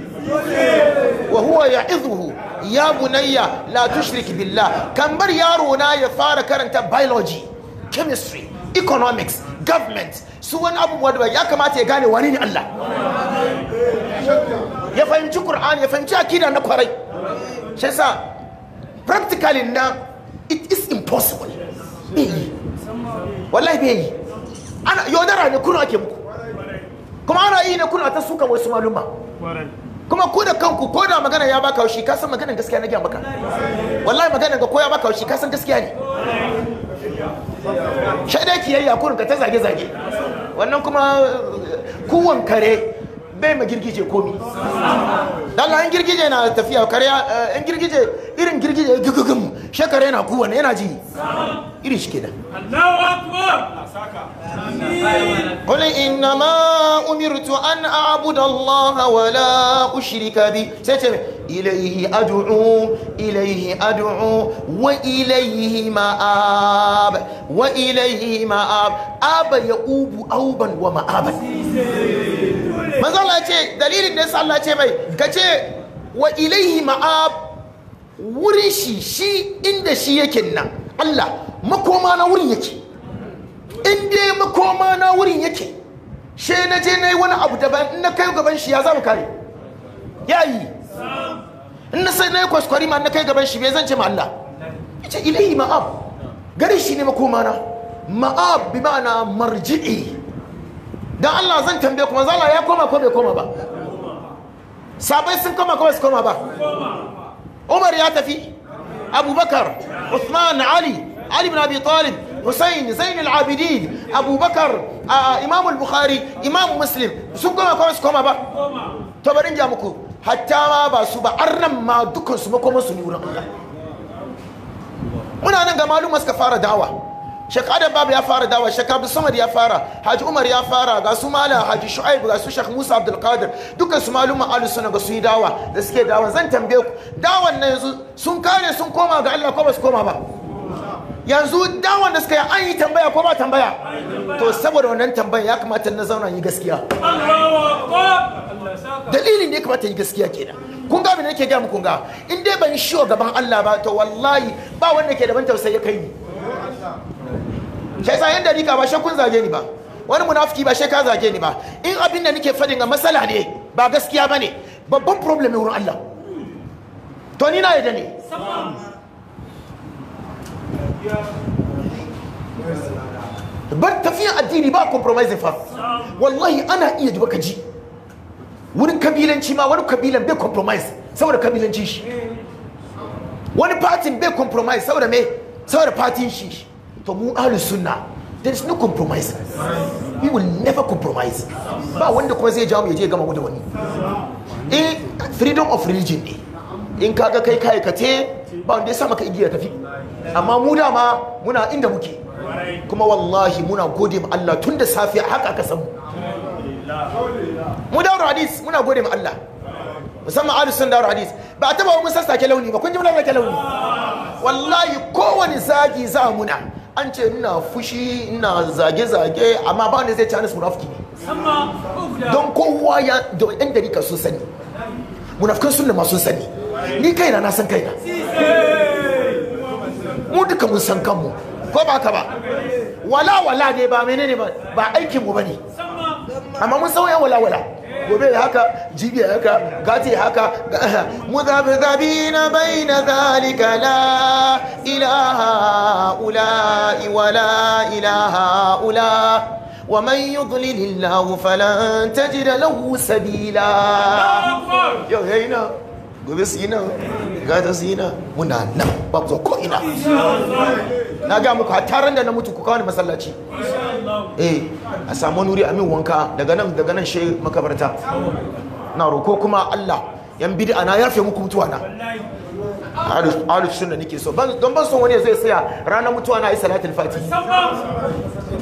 B: wa huwa ya'izuhu ya bunayya la tushrik billah kan bar yaro na ya fara karanta biology chemistry economics government su wani abubuwa da ya kamata ya gane wani ne Allah ya fahimci Qur'ani ya fahimci akida na kwarai shi yasa practically na it is impossible bai wallahi bai yi ana yaudara ne kuna ake muku kuma ana yi ne kuna ta suka wasu maluma kuma ku da kanku ko da magana ya baka haushi kasan magana gaskiya na gyan baka wallahi magana ga ko ya baka haushi kasan gaskiya ne shaidai kiyayya kurin ka ta zage-zage wannan kuma kuwan kare bai ma girgije komi dalla an girgije na tafiya kare an eh, girgije irin girgije gugugum shekara yana kowane yana ji iri shi kenan قل إنما أمرت أن أعبد الله ولا أشرك به سيتم إليه أدعو إليه أدعو وإليه مآب وإليه مآب أب يؤوب أوبا ومآبا ماذا الله يقول دليل الناس الله يقول وإليه مآب wurin shi shi inda shi yake nan Allah makoma na wurin yake in dai makoma na wurin yake she na je na yi wani abu daban in na kai gaban shi ya zama kare ya yi in na sai na yi kwaskwari ma na kai gaban shi bai zan ce Allah ya ce ilahi ma'ab gari shi ne makoma na ma'ab bi ma'ana marji'i dan Allah zan tambaye kuma zala ya koma ko bai koma ba sabai sun koma ko ba su koma ba umar ya tafi abubakar usman ali ali bin abi talib hussein zain al-abidin abubakar imam al-bukhari imam muslim sun goma kuma su koma ba to bari ja muku hatta ma ba su ba arnan ma dukansu makomansu ne wurin Allah muna nan ga maluma suka fara dawa Sheikh Babu ya fara dawa Sheikh samar ya fara Haji Umar ya fara ga su Mala Haji Shu'aib ga su Sheikh Musa Abdul Qadir dukkan su maluma alu suna ga su yi dawa da suke dawa zan tambaye ku dawan nan yanzu sun kare sun koma ga Allah ko ba su koma ba yanzu dawan da suka yi an yi tambaya ko ba tambaya to saboda wannan tambayan ya kamata na zauna yi gaskiya dalilin da ya kamata yi gaskiya kenan kun ga abin da nake ga muku ga in dai ban shiwa gaban Allah ba to wallahi ba wanda ke da ban tausayi kai ni shi yasa ni dariƙa ba shakun zage ni ba wani munafiki ba shaka zage ni ba in abin da nake faɗin ga matsala ne ba gaskiya ba ne babban problem ne wurin Allah to ni na yadda ne bar tafiyan addini ba compromise fa wallahi ana iya ji baka ji wurin kabilanci ma wani kabilan bai compromise saboda kabilanci shi wani fatin bai compromise saboda me saboda fatin shi to mu ahlus sunna there is no compromise we will never compromise ba wanda kuma zai jawo ya je gama da wani eh freedom of religion ne in kaga kai kai ka te ba wanda ya sa maka igiya tafi amma mu dama muna inda muke kuma wallahi muna gode ma Allah tun da safiya haka aka samu mu daura hadis muna gode ma Allah musamman ahlu sunna daura hadis ba a taba mun ke launi ba kun ji mun launi wallahi kowani zagi za muna an ce ina fushi ina zage-zage amma ba wanda zai canis munafuki
C: ne. Oh,
B: don kowa ya da yan dariƙa sun sani munafikan sunna ma sun sani ni kaina na san kaina mu duka mun san kanmu ko ba ka ba wala wala ne ba menene ba ba aikin mu bane amma mun san wala wala gobe ya haka jibi ya haka gati ya zalika la ilaha ula wala ilaha ula ومن يضلل الله فلن تجد له سبيلا يا gobe su yi nan gata su yi nan muna nan ba zo ko ina na ga muku taron da na mutu ku kawo ni masallaci eh a samu nuri a min wanka daga nan daga nan shi makabarta na roko kuma Allah yan ana ya yafe muku mutuwa na
C: ahlu
B: da nike so don ban son wani zai saya ranar mutuwa na isa latin fati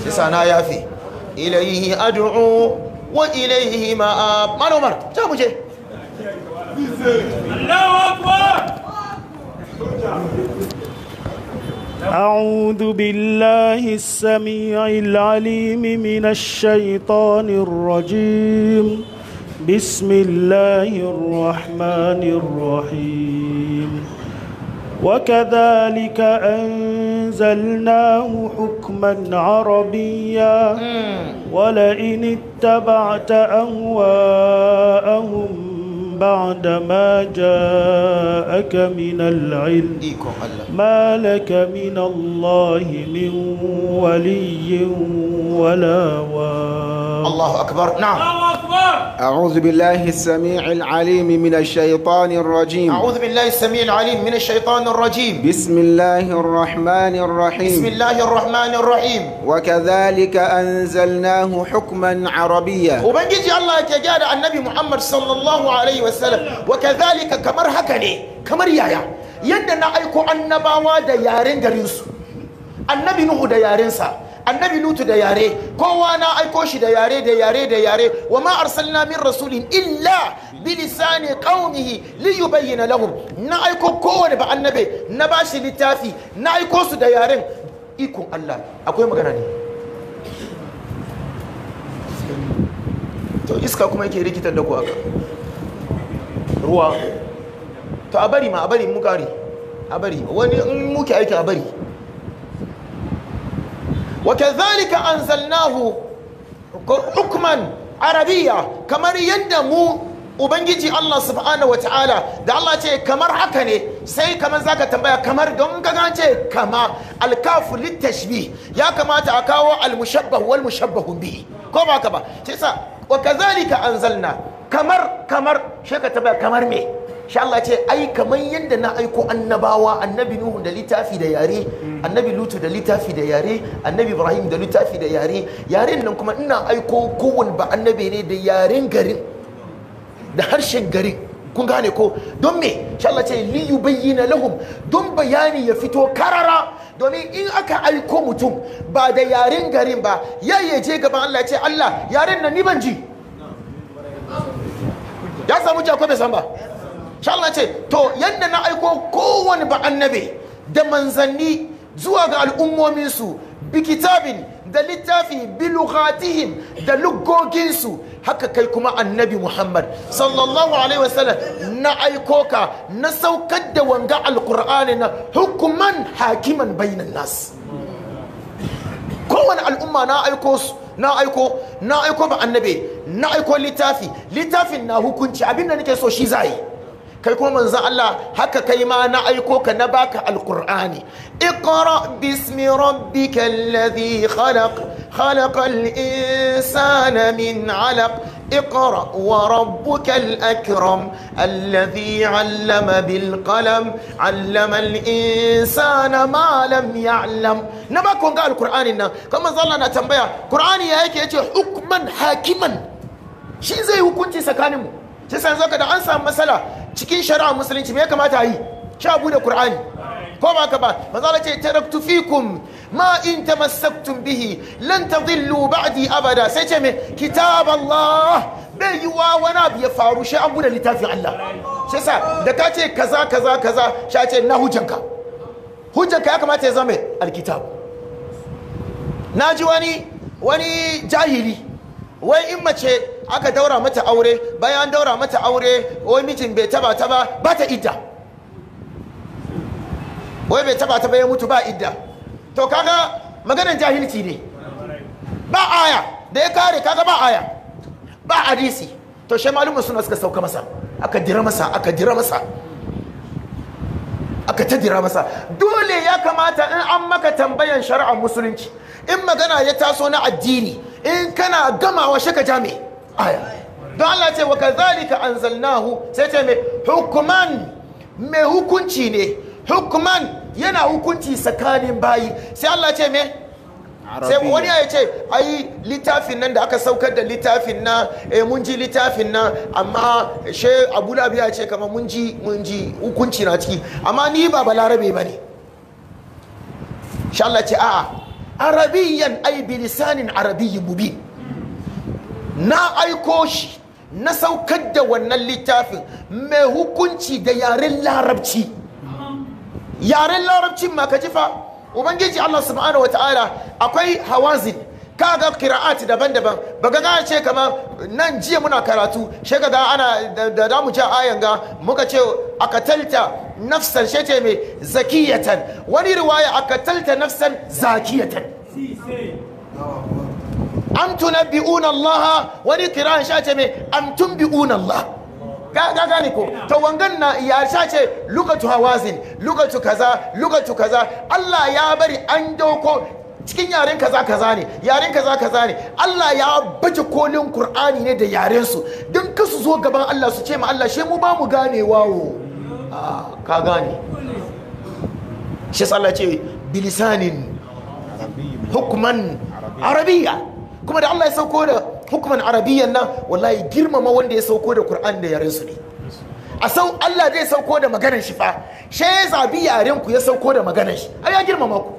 B: isa na yafe ilayi adu'u wa ilayi ma'a manomar ta muje
C: أعوذ بالله السميع العليم من الشيطان الرجيم بسم الله الرحمن الرحيم وكذلك أنزلناه حكما عربيا ولئن اتبعت أهواءهم بعد ما جاءك من العلم ما لك من الله من ولي ولا واق الله أكبر نعم الله
B: أكبر أعوذ بالله السميع العليم من الشيطان الرجيم أعوذ بالله السميع العليم من الشيطان الرجيم بسم الله الرحمن الرحيم بسم الله الرحمن الرحيم وكذلك أنزلناه حكما عربيا وبنجي الله يتجارى النبي محمد صلى الله عليه وسلم wasallam wa kadhalika kamar haka ne kamar yaya yadda na aiko annabawa da yaren garinsu annabi nuhu da yarensa annabi lutu da yare kowa na aiko shi da yare da yare da yare wa ma arsalna min rasulin illa bi lisani qaumihi li yubayyana lahum na aiko kowane ba annabe na bashi littafi na aiko su da yaren ikon Allah akwai magana ne to iska kuma yake rikitar da ku haka ruwa to a bari ma a bari mu kare a bari wani in muke aiki a bari wa kadhalika anzalnahu hukman arabiya kamar yadda mu ubangiji Allah subhanahu wa ta'ala da Allah ce kamar haka ne sai kamar zaka tambaya kamar don ka ce kama alkafu littashbi ya kamata a kawo almushabbah wal mushabbahun bihi ko ba ka ba sai sa wa kadhalika anzalna kamar kamar shi ta baya kamar me sha Allah ce ai kamar yadda na aiko annabawa annabi nuhu da littafi da yare annabi lutu da littafi da yare annabi ibrahim da littafi da yare yaren nan kuma ina aiko kowane ba annabi ne da yaren garin da harshen garin kun gane ko don me sha Allah ce li yubayyana lahum don bayani ya fito karara domin in aka aiko mutum ba da yaren garin ba ya je gaban Allah ce Allah yaren nan ni ban ji ya samu hujja ko bai san ba Allah ce to yadda na aiko kowane ba annabi da manzanni zuwa ga al'ummominsu bi kitabin da littafi bi da lugoginsu haka kai kuma annabi Muhammad sallallahu alaihi wasallam na aiko ka na saukar da wanga al'kur'ani na hukuman hakiman bainan nas kowane al'umma na aiko na aiko na aiko ba annabi na aiko littafi littafin na hukunci abin da nake so shi zai kai kuma manzon Allah haka kai ma na aiko ka na baka alqur'ani iqra bismi rabbikal ladhi khalaq khalaqal insana min 'alaq اقرأ وربك الأكرم الذي علم بالقلم علم الإنسان ما لم يعلم نما كون قال القرآن إنه كما ظلنا تنبيا hakiman, يا هيك يجي حكما حاكما شي زي hukunci tsakaninmu sai san zaka da an samu matsala cikin shari'a musulunci me ya kamata a yi sha bude qur'ani ko ba ka ba manzo ce taraktu fikum ma in tamassaktum bihi lan tadillu ba'di abada sai ce me kitab Allah bai yi wa wani abu ya faru shi an bude littafin Allah shi da ka ce kaza kaza kaza shi ce na hujjanka hujjanka ya kamata ya zama alkitab na ji wani wani jahili wai in mace aka daura mata aure bayan daura mata aure wai mijin bai taba ta ba ba ta idda wai bai taba ta ba ya mutu ba idda to kaga maganan jahilci ne ba aya da ya kare kaga ba aya ba hadisi to shai malumin suna suka sauka masa aka dira masa aka dira masa aka ta dira masa dole ya kamata in an maka tambayan shari'ar musulunci in magana ya taso na addini in kana gamawa shaka jami aya don Allah ce wa kazalika anzalnahu sai ce mai hukuman mai hukunci ne hukuman yana hukunci tsakanin bayi sai Allah ce me sai wani ya ce ai littafin nan da aka saukar da littafin na eh, mun ji littafin na amma she abu labi ya ce kama mun ji mun ji hukunci na ciki amma ni ba balarabe bane ne Allah ce a'a arabiyan ai bilisanin arabiyyi mubi na aiko shi na saukar da wannan littafin mai hukunci da yaren larabci yaren larabcin ma ubangiji Allah subhanahu Ta'ala akwai hawazin kaga kira'at daban-daban baga ga ce kamar nan jiya muna karatu she ga ana da damu ja ayan ga muka ce akatalta nafsan she ce mai zakiyatan wani riwaya akatalta nafsan zakiyatan am tunabbi'una wani kira'an she ce mai am tunbi'una ga gane ko ta wangan na ya shace lugatu hawazin lugatu kaza lugatu kaza Allah ya bari an doko cikin yaren kaza kaza ne yaren kaza kaza ne Allah ya baje kolin Qur'ani ne da yaren su dan kasu zo gaban Allah su ce ma Allah she mu ba mu ganewa wo ah, ka gane shi sallah ce bilisanin hukman arabiya kuma da Allah ya sauko da hukuman arabiyan nan wallahi girmama wanda ya sauko da Qur'an da yaren su ne a sau Allah zai sauko da maganar shi fa she ya zabi yaren ku ya sauko da maganar shi ai ya girmama ku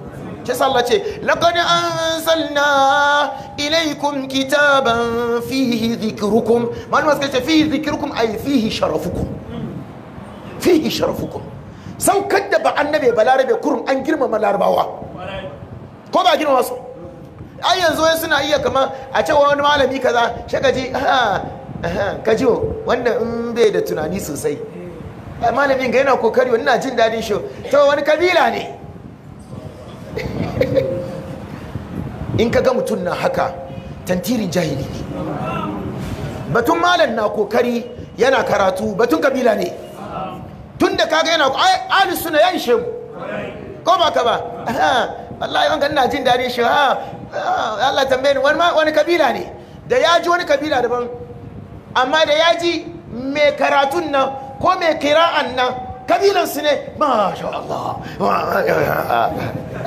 B: ce. yasa Allah ce laqad anzalna ilaykum kitaban fihi dhikrukum malama suka ce fihi dhikrukum ay fihi sharafukum fihi sharafukum saukar da ba annabe balarabe kurun an girmama larabawa ko ba girmama su ai yanzu wai suna iya kamar a cewa wani malami kaza ha, ka ji wannan in bai da tunani sosai malamin ga yana kokari wani na jin dadin shi to wani kabila ne in ka ga mutum na haka tantirin jahili ne batun malam na kokari yana karatu batun kabila ne tun da kaga yana ahli suna yan shemu ko ba ka ba wallahi wanka na jin daɗin shi ha ah, ah, Allah tambaye ni wani wani kabila ne da ya ji wani kabila daban amma da ya ji mai karatun nan ko mai kira'an nan kabilan su ne ma sha Allah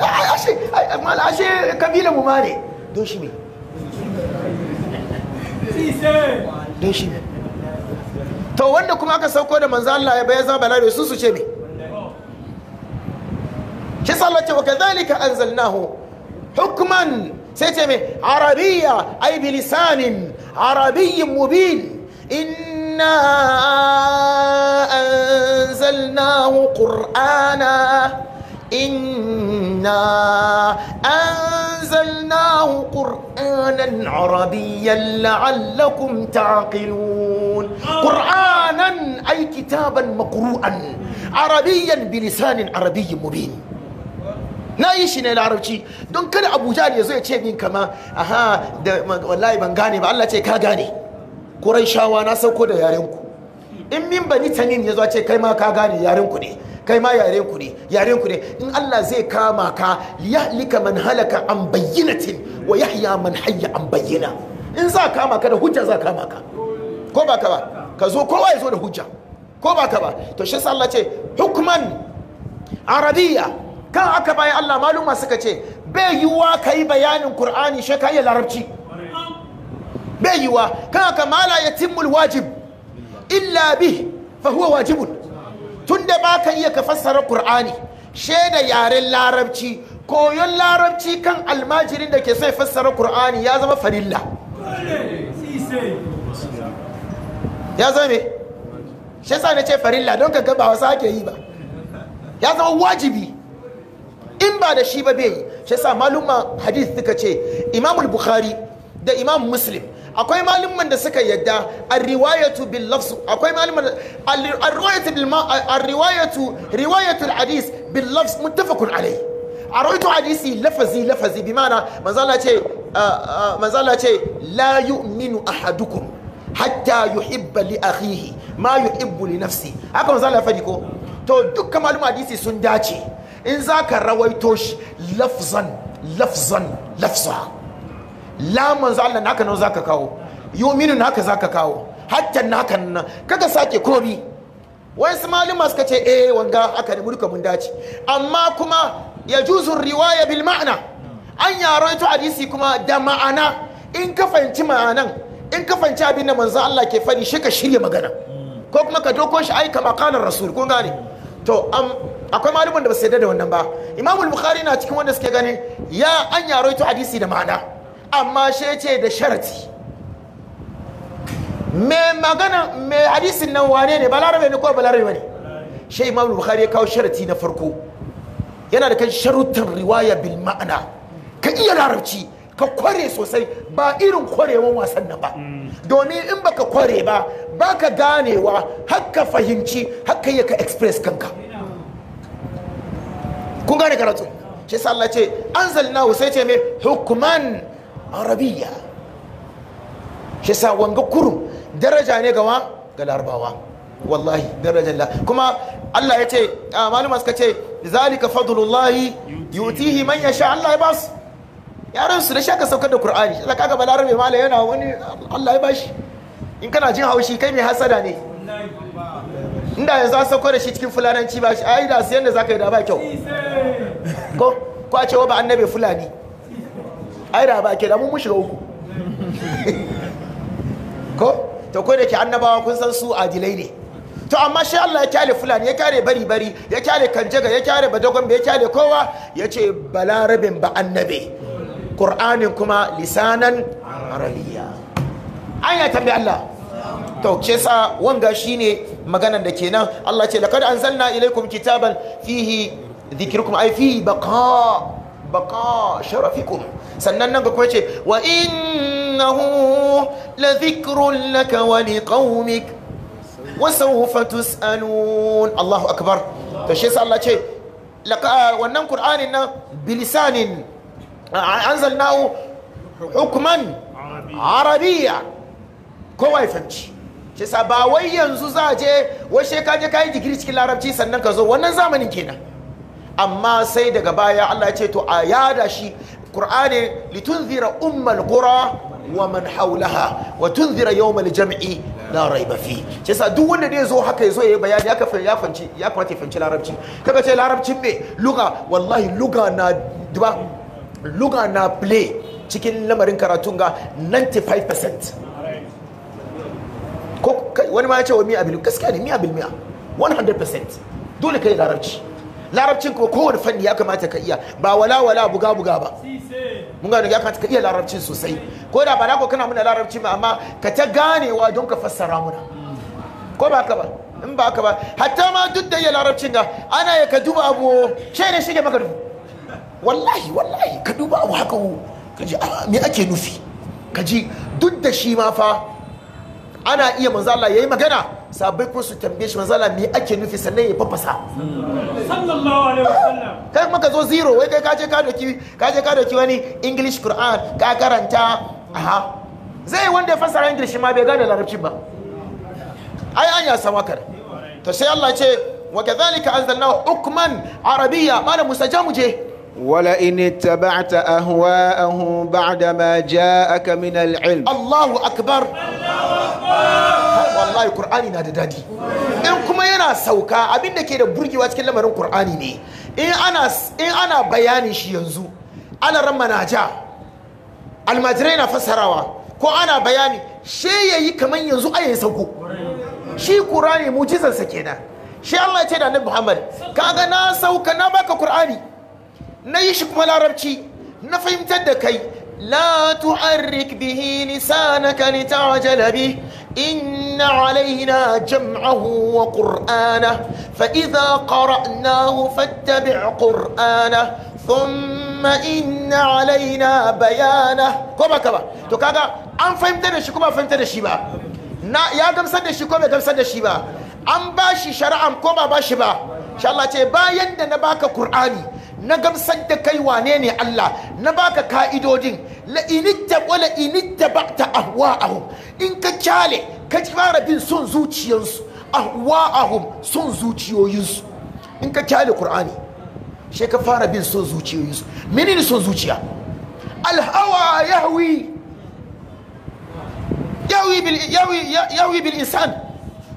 B: ah, ashe ashe kabilan mu ma ne don shi me don shi me to wanda kuma aka sauko da manzo Allah ya bayyana zama bala'i su su ce me كسالتي وكذلك انزلناه حكما سيتم عربية أي بلسان عربي مبين إنا أنزلناه قرآنا إنا أنزلناه قرآنا عربيا لعلكم تعقلون قرآنا أي كتابا مقروءا عربيا بلسان عربي مبين na yi shi ne larabci don kada abu jari ya zo ya ce min kama aha da wallahi ban gane ba Allah ce ka gane kurai shawa na sauko da yaren ku in min ba ni tanin ya zo ce kai ma ka gane yaren ku ne kai ma yaren ku ne yaren ku ne in Allah zai kama ka liyahlika man halaka an bayyinatin wa yahya man hayya an bayyina in za kama ka da hujja za kama ka ko ba ka ba ka zo kowa ya zo da hujja ko ba ka ba to shi Allah ce hukman arabiya kan aka bayan Allah maluma suka ce bai yiwuwa ka yi bayanin Kur'ani shi ka iya larabci bai yiwuwa kan aka mala ya timmul wajib illa bi fa huwa wajibun da ba ka iya ka fassara Kur'ani shaida yaren larabci koyon larabci kan almajirin da ke sai fassara Kur'ani ya zama farilla ya zama me shi yasa na ce farilla don ka ga ba wasu ake yi ba ya zama wajibi in ba da shi ba bai yi shi yasa malumma hadith suka ce imamul bukhari da imam muslim akwai malumman da suka yadda arriwayatu bil lafsu. akwai malumman arriwayatu bil arriwayatu riwayatu al hadith bil lafz muttafaqun alayh arwayatu hadisi lafazi lafazi bi mana manzala ce manzala ce la yu'minu ahadukum hatta yuhibba li akhihi ma yuhibbu li nafsi haka manzala ya fadi ko to dukkan malumman hadisi sun dace in za ka rawaito shi lafzan lafzan lafza laman za Allah naka nan za ka kawo yominu naka za ka kawo hatta naka nan kaga sake komi wasu malima suka ce eh wanga aka ne murka mun dace amma kuma ya juzun riwaya bil ma'ana an yaro hadisi kuma da ma'ana in ka fahimci ma'anan in ka fahimci abin da manzo Allah ke fadi shi ka shirya magana ko kuma ka doko shi ai kama kanar rasul ko gane to akwai malumin da ba su yadda da wannan ba imamul bukhari na cikin wanda suke gani ya an yaro ito hadisi da ma'ana amma shi ce da sharti me magana me hadisin nan wane ne balarabe ne ko balarabe ne shi imamul bukhari ya kawo sharati na farko yana da kan sharutan riwaya bil ma'ana ka iya larabci ka kware sosai ba irin kwarewan wasan nan ba domin in baka kware ba baka ganewa haka fahimci haka yi ka express kanka kun gane karatu shi yasa Allah ce an anzalnahu sai ce me hukuman arabiya. shi yasa wanga kurum daraja ne gawa ga larabawa wallahi daraja la kuma Allah ya ce malama suka ce zalika fadlullahi yutihi man yasha Allah ya basu yaran su da shaka saukar da Qur'ani Allah kaga balarabe malai yana wani Allah ya bashi in kana jin haushi kai mai hasada ne inda yanzu an sauko da shi cikin fulananci ba shi ai da yadda za ka yi da ba kyau ko ko a cewa ba annabi fulani ai da ba ke da mun shiga uku ko to ko da ke annabawa kun san su adilai ne to amma shi Allah ya kyale fulani ya kyale bari bari ya kyale kanjaga ya kyale badagon ya kyale kowa ya ce balarabin ba annabi qur'anin kuma lisanan arabiya an ya tambayi Allah to ce sa wanga shine Maganar da kenan Allah ce laqad anzalna ilaykum kitaban fihi dhikrukum ay fihi baqa baqa sharafikum sannan nan ga kuma ce wa innahu la dhikrun laka wa liqaumik wa sawfa tusalun Allahu akbar to shi yasa Allah ce wannan Qur'anin nan bilisanin anzalnahu hukman arabiya kowa ya shi sa ba wai yanzu za a je wai she ka je ka yi digiri cikin larabci sannan ka zo wannan zamanin kenan amma sai daga baya Allah ya ce to a yada shi Qur'ani litunzira ummal qura wa man haulaha wa tunzira yawmal jam'i la raiba fi ce sa duk wanda ne zo haka yazo yayi bayani aka ya fanci ya kamata ya fanci larabci kaga ce larabci mai luga wallahi luga na duba luga na play cikin lamarin karatun ga 95% ko wani ma ya ce wa miya bil gaskiya ne miya bilmiya 100% dole ka yi larabci larabcin ko kowane fanni ya kamata ka iya ba wala wala buga buga ba mun gano ya kamata ka iya larabcin sosai ko da ba na ko kana muna larabci ma amma ka ta ganewa don ka fassara muna ko ba ka ba in ba ka ba hatta ma duk da iya larabcin da ana ya ka duba abu shi ne shige maka dubu wallahi wallahi ka duba abu haka ka ji ah, me ake nufi ka ji duk da shi ma fa ana iya manzo Allah yayi magana sabai ko su tambaye shi manzo Allah me ake nufi sannan ya fafasa
C: sallallahu alaihi wasallam
B: kai kuma ka zo zero wai kai ka je ka doki ka je ka doki wani english qur'an ka karanta aha zai wanda ya fasara english ma bai gane larabci ba ai an ya sama kar to sai Allah ce wa kadhalika anzalnahu hukman arabiyya mana musajamuje ولئن اتبعت أهواءهم بعدما جاءك من العلم الله أكبر الله wallahi qur'ani na da dadi in kuma yana sauka abin da ke da burgewa cikin lamarin qur'ani ne in ana in ana bayanin shi yanzu ana ran manaja almajirai na fassarawa ko ana bayani she yayi kaman yanzu ayin sauko shi qur'ani mujizansa kenan shi Allah ya ce da Annabi Muhammad kaga na sauka na baka qur'ani na yi shi kuma larabci na fahimtar da kai la tu'arrik bihi lisanaka litajala bihi إن علينا جمعه وقرآنه فإذا قرأناه فاتبع قرآنه ثم إن علينا بيانه كما كما تو كاغا فهمت ده شي كما فهمت ده شي با na ya gamsar da shi ko bai gamsar da shi ba an ba shi ko ba ba ba insha Allah ce bayan da na baka Kur'ani, na gamsar da kai wane ne Allah na baka ka'idodin la initta bakta ahwa'ahum in ka kyale ka fara bin son zuciyarsu ahwa'ahum son zuciyoyinsu in ka kyale qur'ani she ka fara bin son zuciyoyinsu ne son zuciya alhawa yahwi yahwi bil yahwi yahwi bil insan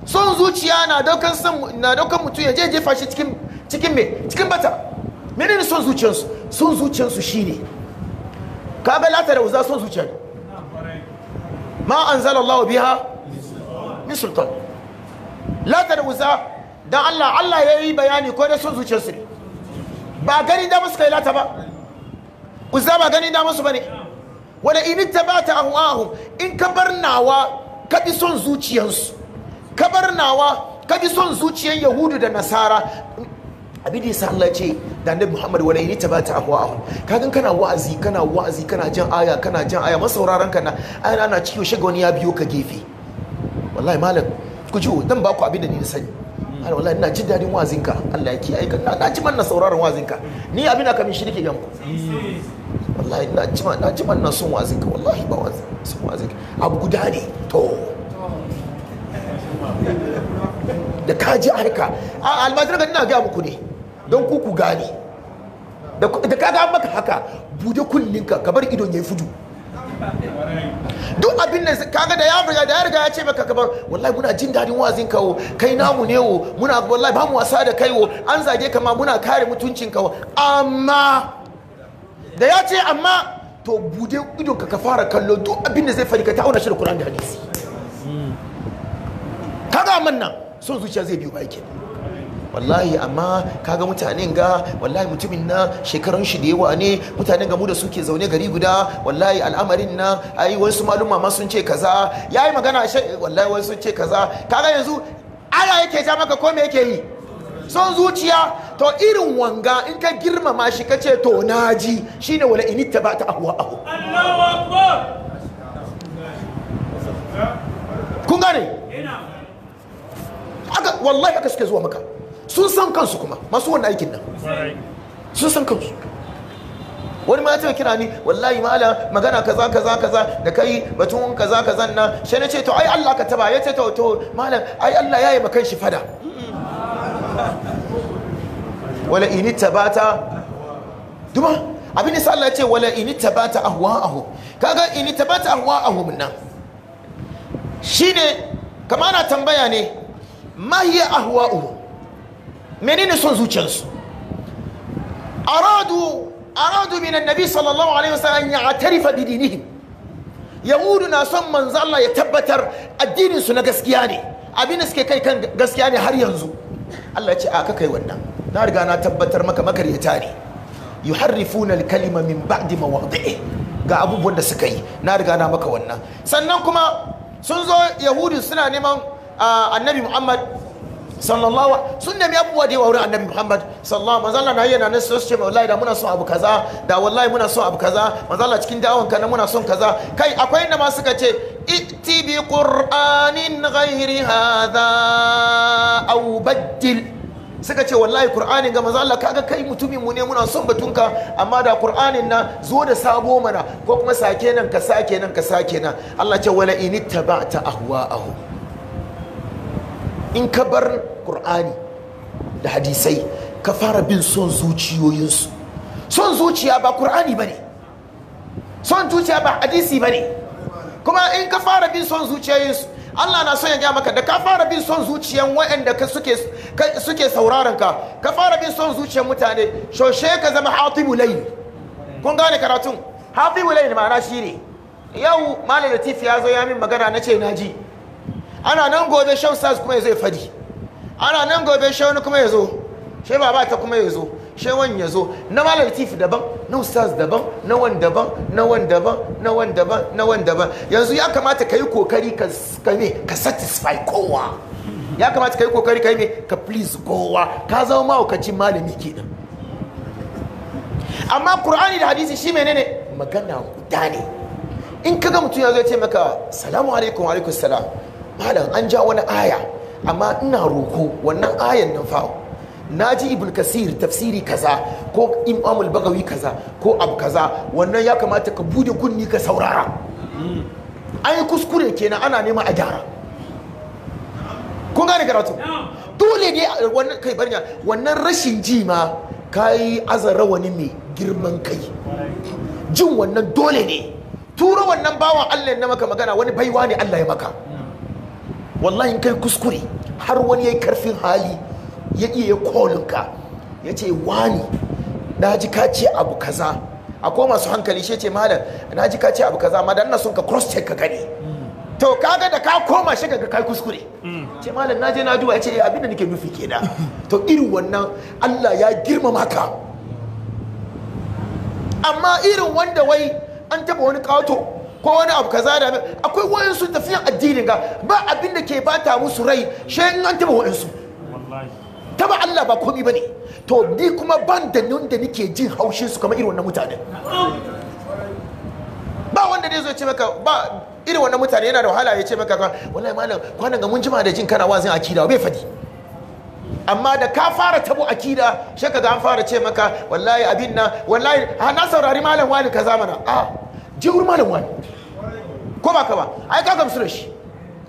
B: son zuciya na daukan na mutum ya je jefa shi cikin me cikin bata menene son zuciyarsu son zuciyarsu shine kaga lata da uza son zuciya ne ma an zala Allah biha min sultan lata da uza dan Allah Allah ya yi bayani ko da son zuciyar su ne ba gani da musu kai lata ba uza ba gani da musu bane ba ta tabata ahu in ka bar nawa ka bi son zuciyarsu ka barnawa ka bi son zuciyan yahudu da nasara abin da ya sa Allah ce da annabi Muhammad wala ta tabata ahwa'ahu kagan kana wa'azi kana wa'azi kana jan aya kana jan aya masauraran ka na aya na, ana ciwo shiga wani ya biyo ka gefe wallahi malam ku ji dan ba ku abin da ni sani ana wallahi ina jin dadin wa'azin ka Allah yake aika na ji man na sauraron wa'azin ka ni abin da kamin shirke gan ku wallahi na ji man na ji man na son wa'azin ka wallahi ba wa'azin son wa'azin ka abu guda ne to da ka ji harka a almajiran ka ina ga muku ne don ku ku gane da kaga an maka haka bude kunninka ka bar idon yayi fudu duk abin da kaga da ya riga da ya riga ya ce maka kabar wallahi muna jin dadin wazin kawo kai namu ne wo muna wallahi ba mu wasa da kai wo an zage ka ma muna kare mutuncin ka amma da ya ce amma to bude idon ka ka fara kallo duk abin da zai fari ka tauna shi da Qur'an da hadisi kaga man nan son zuciya zai biyo aiki wallahi amma kaga mutanen ga wallahi mutumin na shekarun shi da yawa ne mutanen ga mu da suke zaune gari guda wallahi al'amarin na ai wasu maluma ma sun ce kaza yayi magana wallahi wasu sun ce kaza kaga yanzu Allah yake ja maka ko me yake yi son zuciya to irin wanga in ka girmama shi ka ce to naji shine wala inita ba ta ahwa ahu
C: Allahu akbar
B: kun gane wallahi aka suke zuwa maka sun san kansu kuma masu wannan aikin nan sun san kansu wani ma ya taɓa kira ni wallahi ma'ala magana kaza kaza kaza da kai batun kaza kaza na shi na ce to ai Allah ka taba ya ce to to ai Allah ya yi makan shi fada wala ini tabata duma abin da Allah ya ce wala ini tabata ahu kaga ini tabata ahwa'ahu min nan Shi kamar kamana tambaya ne ma hiya ahu menene son zuciyarsu aradu aradu min annabi sallallahu alaihi wasallam ya atarifa bi dinihim yahudu na son manzo Allah ya tabbatar addinin su na gaskiya ne abin da suke kai kan gaskiya ne har yanzu Allah ya ce a ka kai wannan na riga na tabbatar maka makaryata ne yuharrifuna al-kalima min ba'di mawadi'i ga abubuwan da suka yi na riga na maka wannan sannan kuma sun zo yahudu suna neman ah, annabi muhammad sallallahu sun nemi abubuwa da yawa wurin annabi muhammad sallallahu manzo Allah na yana nan su ce wallahi da muna son abu kaza da wallahi muna son abu kaza manzo Allah cikin dawon ka muna son kaza kai akwai inda ma suka ce itti bi qur'anin ghairi hadha aw baddil suka ce wallahi qur'anin ga manzo Allah kaga kai mutumin mu ne muna son batunka amma da qur'anin na zo da sabo mana ko kuma sake nan ka sake nan ka sake nan Allah ce wala in ittaba'ta ahwa'ahum in ka bar ƙur'ani da hadisai ka fara bin son zuciyoyinsu son zuciya ba ƙur'ani ba ne son zuciya ba hadisi ba ne kuma in ka fara bin son zuciyoyinsu Allah na son ya maka da ka fara bin son zuciyan waɗanda suke suke sauraron ka ka fara bin son zuciyan mutane shoshe ka zama hatibu wulai kun gane karatun hatibu layl ma'ana shine yau malam latif ya zo ya min magana na ce na ji ana nan gobe shan sas kuma ya zo ya fadi ana nan gobe shan wani kuma ya zo shi baba ta kuma ya zo shai wani ya zo na malam tifi daban na ustaz daban na wani daban na wani daban na wani daban na wani daban yanzu ya kamata ka yi kokari ka ne ka satisfy kowa ya kamata ka yi kokari ka yi ne ka please kowa ka zama mahaukacin malami kenan amma qur'ani da hadisi shi menene magana guda ne in kaga mutum ya zo ya ce maka salamu alaikum alaikum salam malam an ja wani aya amma ina roko wannan ayan nan fa na ji ibn kasir tafsiri kaza ko imam al-bagawi kaza ko abu kaza wannan ya kamata ka bude kunni ka saurara an yi kuskure kenan ana nema a gyara kun gane karatu dole ne wannan kai barnya wannan rashin ji ma kayi azara wani mai girman kai jin wannan dole ne tura wannan bawan Allah na maka magana wani baiwa ne Allah ya maka wallahi kai kuskure har wani yayi karfin hali ya iya ya kolin ka ya ce wani na ji ka ce abu kaza akwai masu hankali shi ce malam na ji ka ce abu kaza ma dan sun ka cross check ka gani to kaga da ka koma shi ka kai kuskure ce malam na je na duba ya ce eh, da nake nufi kenan to irin wannan Allah ya girmama ka amma irin wanda wai an taba wani kato ko wani abu kaza da akwai wayansu tafiyan addinin ga ba abin da ke bata musu rai shi in an taba wayansu taba Allah ba komi bane to ni kuma ban da nun da nake jin haushin su kamar irin wannan mutane ba wanda ne zai ce maka ba irin wannan mutane yana da wahala ya ce maka wallahi malam kwanan ga mun jima da jin kana wazin akida bai fadi amma da ka fara tabo akida shi ka an fara ce maka wallahi abin na wallahi na saurari malam wani ka zamana a ah, jihur malam wani koma ba ka ba ai ka gamsu da shi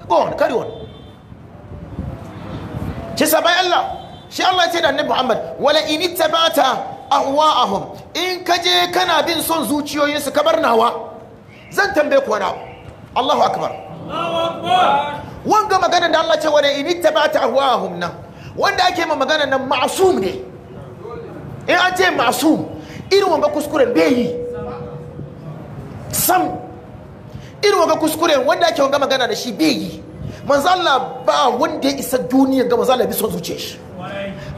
B: go on carry on shi sabai Allah shi Allah ce da annabi Muhammad wala in ittaba'ta ahwa'ahum in ka je kana bin son zuciyoyin su bar nawa zan tambaye ku wani Allahu akbar wanga magana da Allah ce wala in ittaba'ta ahwa'ahum nan wanda ake ma magana nan ma'sum ne in an ce ma'sum irin wanga kuskuren bai yi sam irin wanga kuskure wanda ake wanga magana da shi bai yi ba wanda ya isa duniya ga manzala bi son zuce shi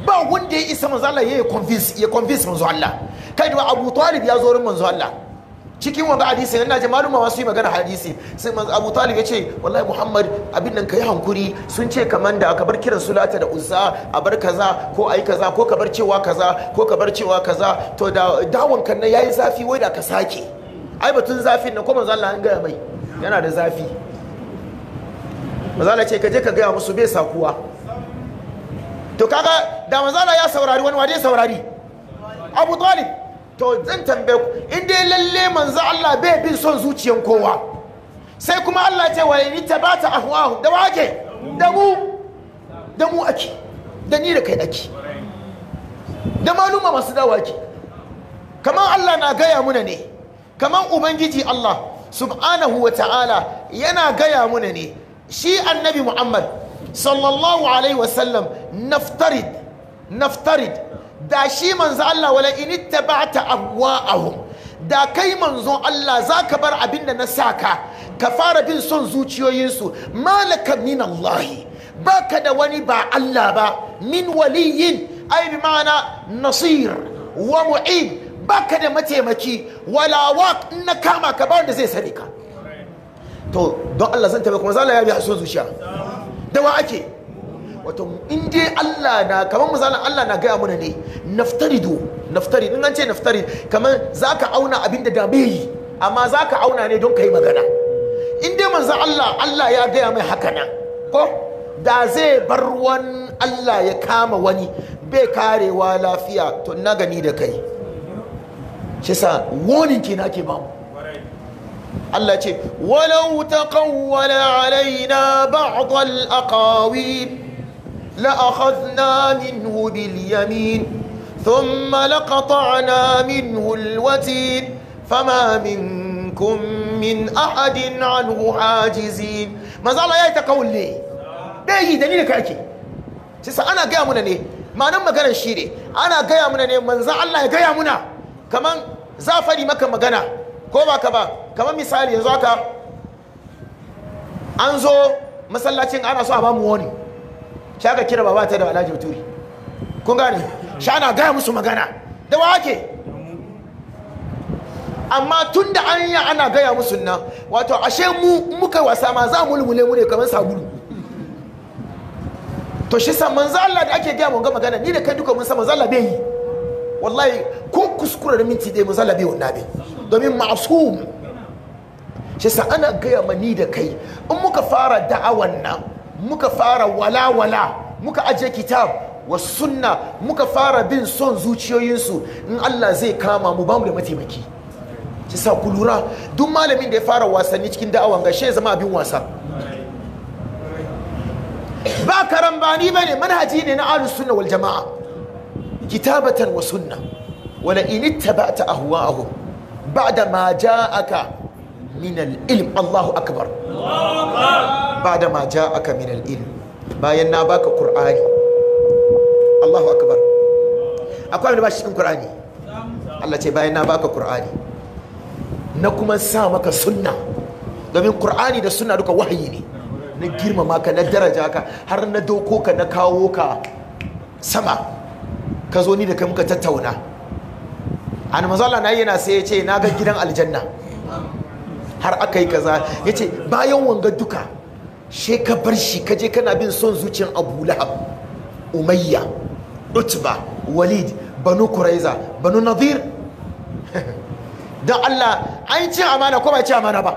B: ba wanda ya isa manzala ya convince ya convince manzo Allah kai da Abu Talib ya zo rin manzo Allah cikin wanga hadisi yana jama'a maluma masu yi magana hadisi sai manzo Abu Talib ya ce wallahi Muhammad abin nan kai hankuri sun ce kaman da aka bar kiran sulata da uzza a bar kaza ko ai kaza ko ka bar cewa kaza ko ka bar cewa kaza to da dawon kan nan yayi zafi wai da ka sake ai batun zafin nan ko manzo an ga mai yana da zafi mazala ce kaje ka gaya musu bai sakuwa to kaga da mazala ya saurari wani waje saurari abu talib to zan tambaye ku in dai lalle manzo Allah bai bin son zuciyan kowa sai kuma Allah ce wa ni tabata ahwahu da wake da mu da mu ake da ni da kai ake da maluma masu dawa ke kamar Allah na gaya muna ne kamar ubangiji Allah subhanahu wa ta'ala yana gaya muna ne shi annabi muhammad sallallahu alaihi wasallam naftarid naftarid da shi manzo Allah wala in ittaba'ta ahwa'ahum da kai manzo Allah zaka bar abin da na saka ka fara bin son zuciyoyinsu malaka min Allah baka da wani ba Allah ba min waliyin ay bi ma'ana nasir wa mu'in baka da mataimaki wala waq in na kama ka ba wanda zai sani ka to don Allah zan tabe kuma zalla ya bi son zuciya da wa ake wato in dai Allah na kamar misalan Allah na gaya mana ne naftaridu naftari in an ce naftari kamar zaka auna abin da da yi amma zaka auna ne don kai magana in dai manzo Allah Allah ya gaya mai haka nan ko da zai bar wani Allah ya kama wani bai karewa lafiya to na gani da kai shi sa warning ke na ke ba mu Allah ce walau ta kawwala alaina ba'dal aqawin la akhadna minhu bil yamin thumma laqata'na minhu al watin fama minkum min ahadin anhu hajizin maza Allah ya ta kawle dai dalil ka ake shi ana ga muna ne ma nan shi ne ana ga muna ne manzo Allah ya ga muna kaman za fari maka magana ko ba ka ba kaman misali yanzu haka an zo masallacin ana so a ba mu wani shi aka kira baba ta da alhaji turi kun gane shi ana gaya musu magana da wa ake amma tun da an yi ana gaya musu nan wato ashe mu muka wasa ma za mu lumule mu ne kamar sabulu to shi sa manzo Allah da ake gaya mu ga magana ni da kai duka mun san manzo Allah bai yi wallahi ko kuskure da minti dai musalla bai wannan abin domin ma'asum shi sa ana gaya mani da kai in muka fara da'awan nan muka fara walawala muka aje kitab wa sunna muka fara bin son zuciyoyinsu in Allah zai kama mu bamu da mataimaki shi sa ku lura duk malamin da ya fara wasanni cikin da'awan ga shi zama abin wasa ba karambani ne manhaji ne na ahlus sunna wal jama'a kitabatan wa sunna wala in ittaba'ta ahwa'ahum ba'da ma ja'aka min al-ilm Allahu akbar ba'da ma ja'aka min al-ilm bayan na baka qur'ani Allahu akbar akwai wanda ba shi cikin qur'ani Allah ce bayan na baka qur'ani na kuma sa maka sunna domin qur'ani da sunna duka wahayi ne na girmama ka na daraja ka har na doko ka na kawo ka sama ka zo ni da kai muka tattauna an mazala na yana sai ya ce na ga gidan aljanna har aka yi kaza ya ce bayan wanga duka she ka bar shi ka je kana bin son zuciyar abu lahab umayya utba walid banu kuraiza banu nadir don allah an yi ci amana ko ba ci amana ba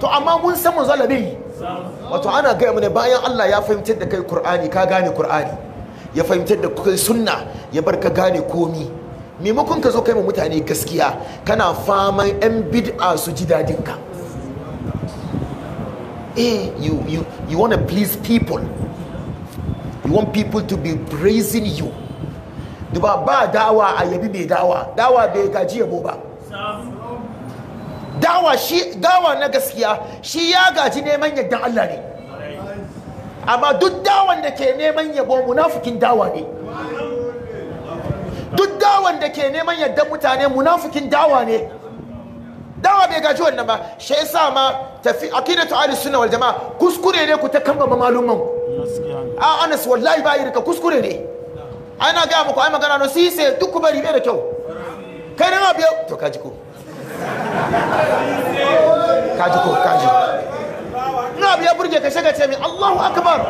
B: to amma mun san mazala bai wato ana gaya mu ne bayan Allah ya fahimtar da kai Kur'ani ka gane Kur'ani. ya fahimtar da kai sunna ya bar ka gane komi maimakon ka zo kai ma mutane gaskiya kana faman yan bid'a su ji dadin ka eh you you you want to please people you want people to be praising you duba ba dawa a yabi bai dawa dawa bai gaji yabo ba dawa shi dawa na gaskiya shi ya gaji neman yadda Allah ne amma duk dawan da ke neman yabo munafukin dawa ne duk dawan da ke neman yadda mutane munafukin dawa ne dawa bai gaji wannan ba shi yasa ma tafi ta ahli sunna wal jamaa kuskure ne ku ta kamba malumman a Anas wallahi ba irka kuskure ne ana ga muku ai magana no se duk ku bari bai da kyau kai na ma biyo to kaji ko kaji ko kaji abu ya burge ka shaka ce min Allahu akbar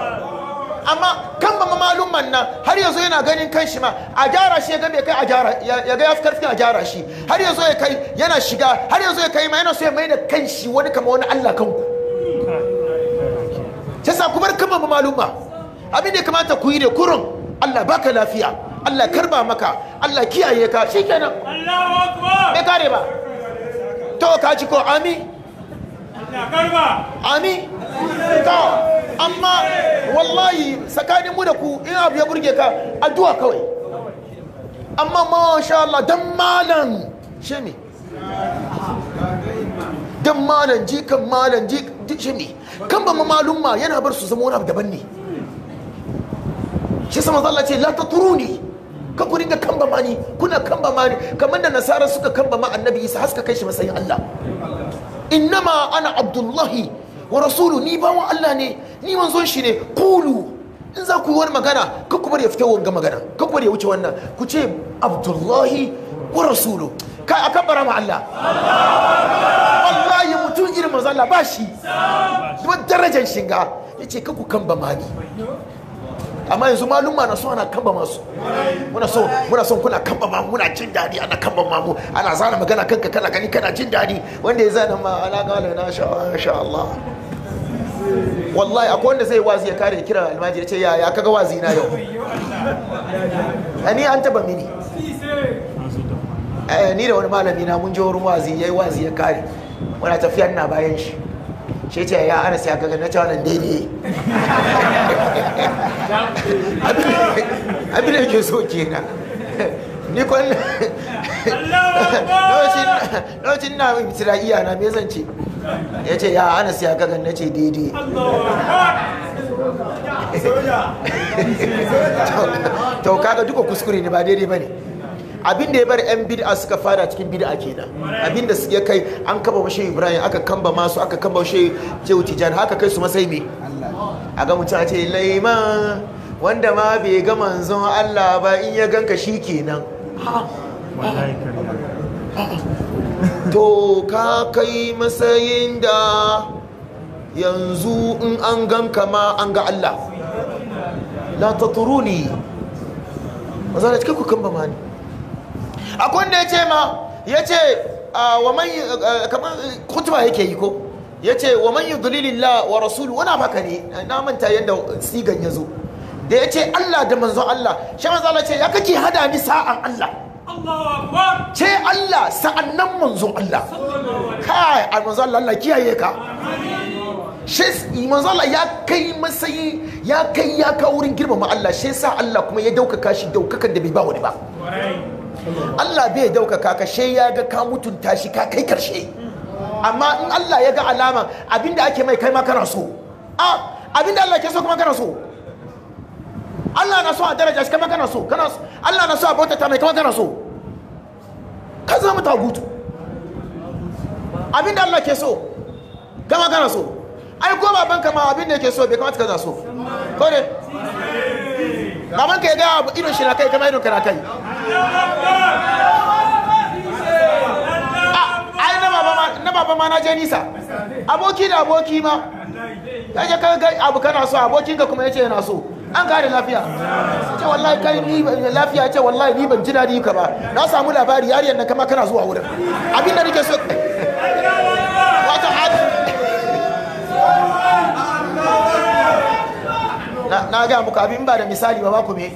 B: amma kan ba malumman nan har yanzu yana ganin kan shi ma a gyara shi ya ga kai a gyara ya ga yafi karfi a gyara shi har yanzu ya kai yana shiga har yanzu ya kai ma yana so ya maida kan shi wani kama wani Allah kan ku. Ta sa ku bar kan ba malumma abin da ya kamata ku yi ne kurun Allah baka lafiya Allah karba maka Allah kiyaye ka shikenan Allahu akbar bai kare ba to ka ji ko ami Allah karba ami to amma wallahi tsakanin mu da ku in abu ya burge ka addu'a kawai amma masha Allah dan malam shemi dan malam jikan malam jikan shemi kan ba malum ma yana bar su zama wani abu daban ne shi sama zalla ce la turuni ka ku ringa kan ba mani kuna kan ba mani kamar da nasara suka kan ba ma annabi Isa haska kai shi masayin Allah innama ana abdullahi wa rasulu ni bawan Allah ne ni manzon shi ne kulu in za ku yi wani magana ka ku bari ya fita wanga magana ka ku bari ya wuce wannan ku ce abdullahi wa rasulu ka a bara ma Allah wallahi mutum irin manzon Allah ba shi duk darajar shinga yace ka ku kamba mani amma yanzu malumma na so ana kamba masu muna so muna son kuna kamba ma muna jin daɗi ana kamba ma mu ana zana magana kanka kana gani kana jin daɗi wanda ya zana ma ala gala na sha Allah wallahi akwai wanda zai wazi ya kare kira almajiri ce ya ya kaga wazi na yau ani an taba mini eh ni da wani malami na mun je wurin wazi yayi wazi ya kare muna tafiya ina bayan shi shi ce ya ana ya kaga na ta wannan daidai abin da yake so kenan ni kwan lokacin na isra'iya na me zan ce ya ce ya hana siya kagan na ce daidai to kaga duka kuskure ne ba daidai ba ne abin da ya bar yan bid'a suka fara cikin bid'a kenan abin da ya kai an kaba mashi ibrahim aka kamba masu aka kamba mashi jewu tijan haka kai su masai me a ga mutum a ce laiman wanda ma bai ga manzon allah ba in ya ganka shi kenan to ka kai matsayin da yanzu in an gan kama an ga Allah la ta turu ne maza cikin kukan ba ma ne akwai ya ce ma ya ce wa man kamar kutuba yake yi ko ya ce wa man yudlilillah wa rasulu wani baka ne na manta yadda sigan ya zo da ya ce Allah da manzon Allah shi manzo ce ya kake hada ni sa'an Allah ce Allah sa'annan manzon Allah kai a manzon Allah kiyaye ka shi manzon Allah ya kai masayi ya kai ya kawo wurin girmama Allah shi sa Allah kuma ya daukaka shi daukakan da bai ba wani ba Allah bai daukaka ka shi ya ga ka mutunta shi ka kai karshe amma in Allah ya ga alama abinda ake mai kai ma kana so ah, abinda Allah ke so kuma kana so Allah na so a daraja shi kama kana so kana so, Allah na so a bauta ta mai kama kana so ka zama tagutu abinda Allah ke so kama kana so ai ko baban kama abinda yake so bai kamata ka so ko ne baban ka ya ga irin shi na kai kama irin ka na kai ai na baba ma na je nisa aboki da aboki ma ya ka kai abu kana so abokin ka kuma yace yana so an kare lafiya ce wallahi kai ni lafiya ce wallahi ni ban ji dadi ka ba na samu labari yariyar nan kama kana zuwa wurin abin da nake so na gaya muku abin ba da misali ba ku me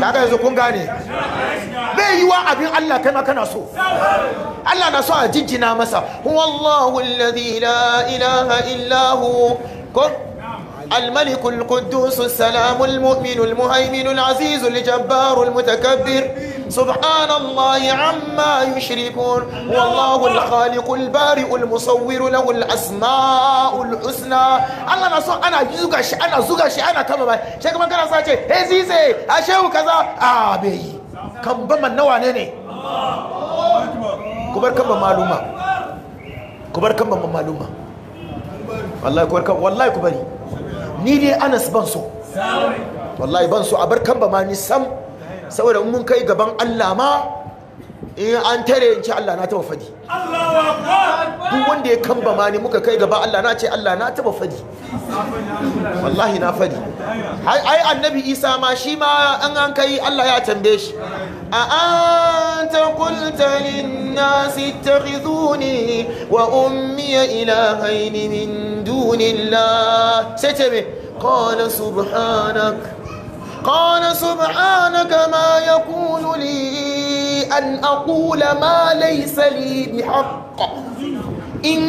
B: kaga yanzu kun gane bai yi wa abin Allah kai ma kana so Allah na so a jinjina masa huwallahu alladhi la ilaha illahu الملك القدوس السلام المؤمن المهيمن العزيز الجبار المتكبر سبحان الله عما يشركون والله الخالق البارئ المصور له الأسماء الحسنى انا انا أنا زوجة أنا زوجة أنا كما ما شيء كم كنا ساتي إيه هزيزي اشو كذا أبي كم بمن نوع نني كبر كم معلومة كبر كم معلومة والله كبر والله كبري ni dai anas ban so wallahi ban so a bar kan ba ma ni sam saboda mun kai gaban allah ma in eh, an tare in ce Allah na taba fadi
C: duk
B: wanda ya kamba ma ni muka kai gaba Allah na ce Allah na taba fadi wallahi na fadi ai annabi Isa ma shi ma an an kai Allah ya tambaye shi a an ta ta nas ittakhizuni wa ummiya ilahayn min dunillah sai ce me qala subhanaka قال سبحانك ما يكون لي أن أقول ما ليس لي بحق إن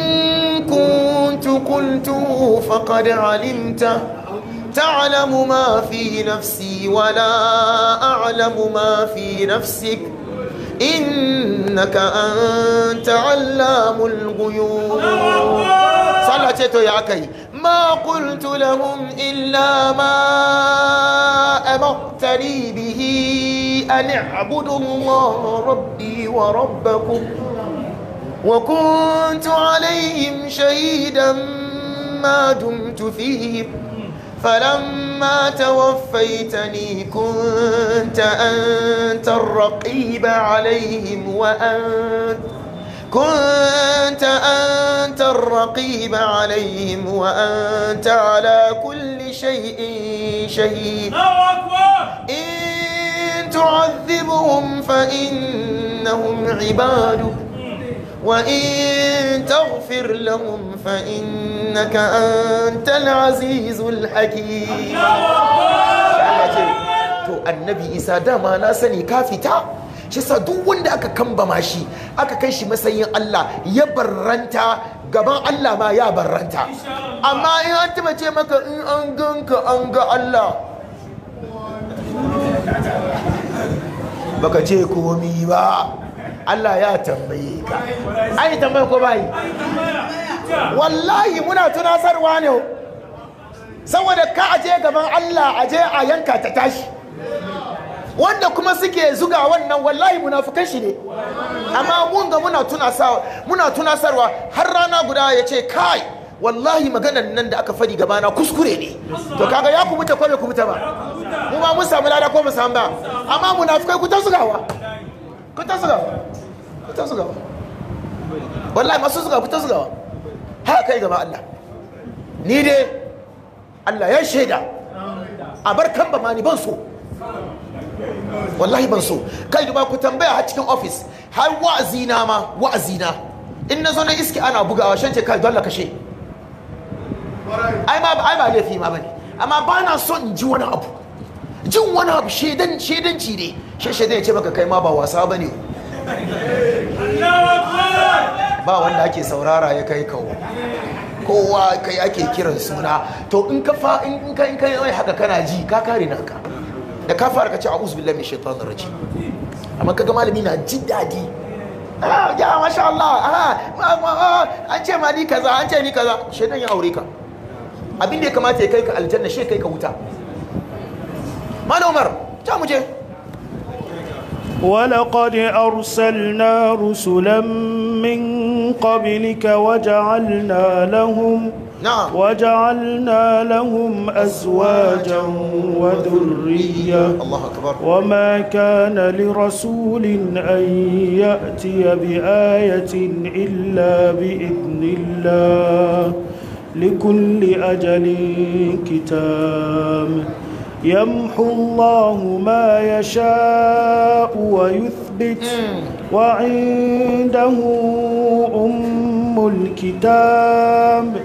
B: كنت قلته فقد علمته تعلم ما في نفسي ولا أعلم ما في نفسك إنك أنت علام الغيوب صلى تيتو يا أكي ما قلت لهم إلا ما أمرتني به أن اعبدوا الله ربي وربكم وكنت عليهم شهيدا ما دمت فيهم فلما توفيتني كنت أنت الرقيب عليهم وأنت كنت أنت الرقيب عليهم وأنت على كل شيء شهيد إن تعذبهم فإنهم عبادك وإن تغفر لهم فإنك أنت العزيز الحكيم الله أكبر to annabi isa dama na shi sa duk wanda aka kambama shi aka kai shi matsayin Allah ya barranta gaban Allah ma ya barranta amma in an taba ce maka in an ganka an ga Allah baka ce komi ba Allah ya tambaye ka ai tambaye ko bai wallahi muna tunasarwa ne saboda ka aje gaban Allah aje a yanka ta tashi wanda kuma suke zuga wannan wallahi munafukan shi ne amma mun ga muna tunasarwa muna tunasarwa har rana guda ya ce kai wallahi maganar nan da aka fadi gabana kuskure ne to kaga ya kubuta ko bai kubuta ba mu ba mun samu lada ko mu samu ba amma munafukai ku ta wa? ku ta zugawa ku ta zugawa wallahi masu zuga ku ta zugawa ha kai gaba Allah ni dai Allah ya shaida a barkan ba ma ni ban so wallahi ban so kai duba ku tambaya har cikin ofis har wa'azi na ma wa'azi na in na zo na iski ana bugawa shan ce kai dole kashe ai ma ai ba laifi ma bane amma ba na so in ji wani abu jin wani abu shedan ci ne shi shedan ya ce maka kai ma ba wasa bane ba wanda ake saurara ya kai kawo kowa kai ake kiran suna to in ka fa in ka in ka haka kana ji ka kare naka da ka fara ka ce a'udhu billahi minash shaitanir rajim amma kaga malami na ji dadi ah, ya masha Allah ah, an ce ma ni kaza an ce ni kaza shaitan ya aure ka abin da ya kamata ya kai ka aljanna shi kai ka wuta malam ta mu je
C: ولقد أرسلنا رسلا من قبلك وجعلنا لهم نعم وجعلنا لهم أزواجا وذرية الله أكبر وما كان لرسول أن يأتي بآية إلا بإذن الله لكل أجل كتاب يمحو الله ما يشاء ويثبت وعنده أم الكتاب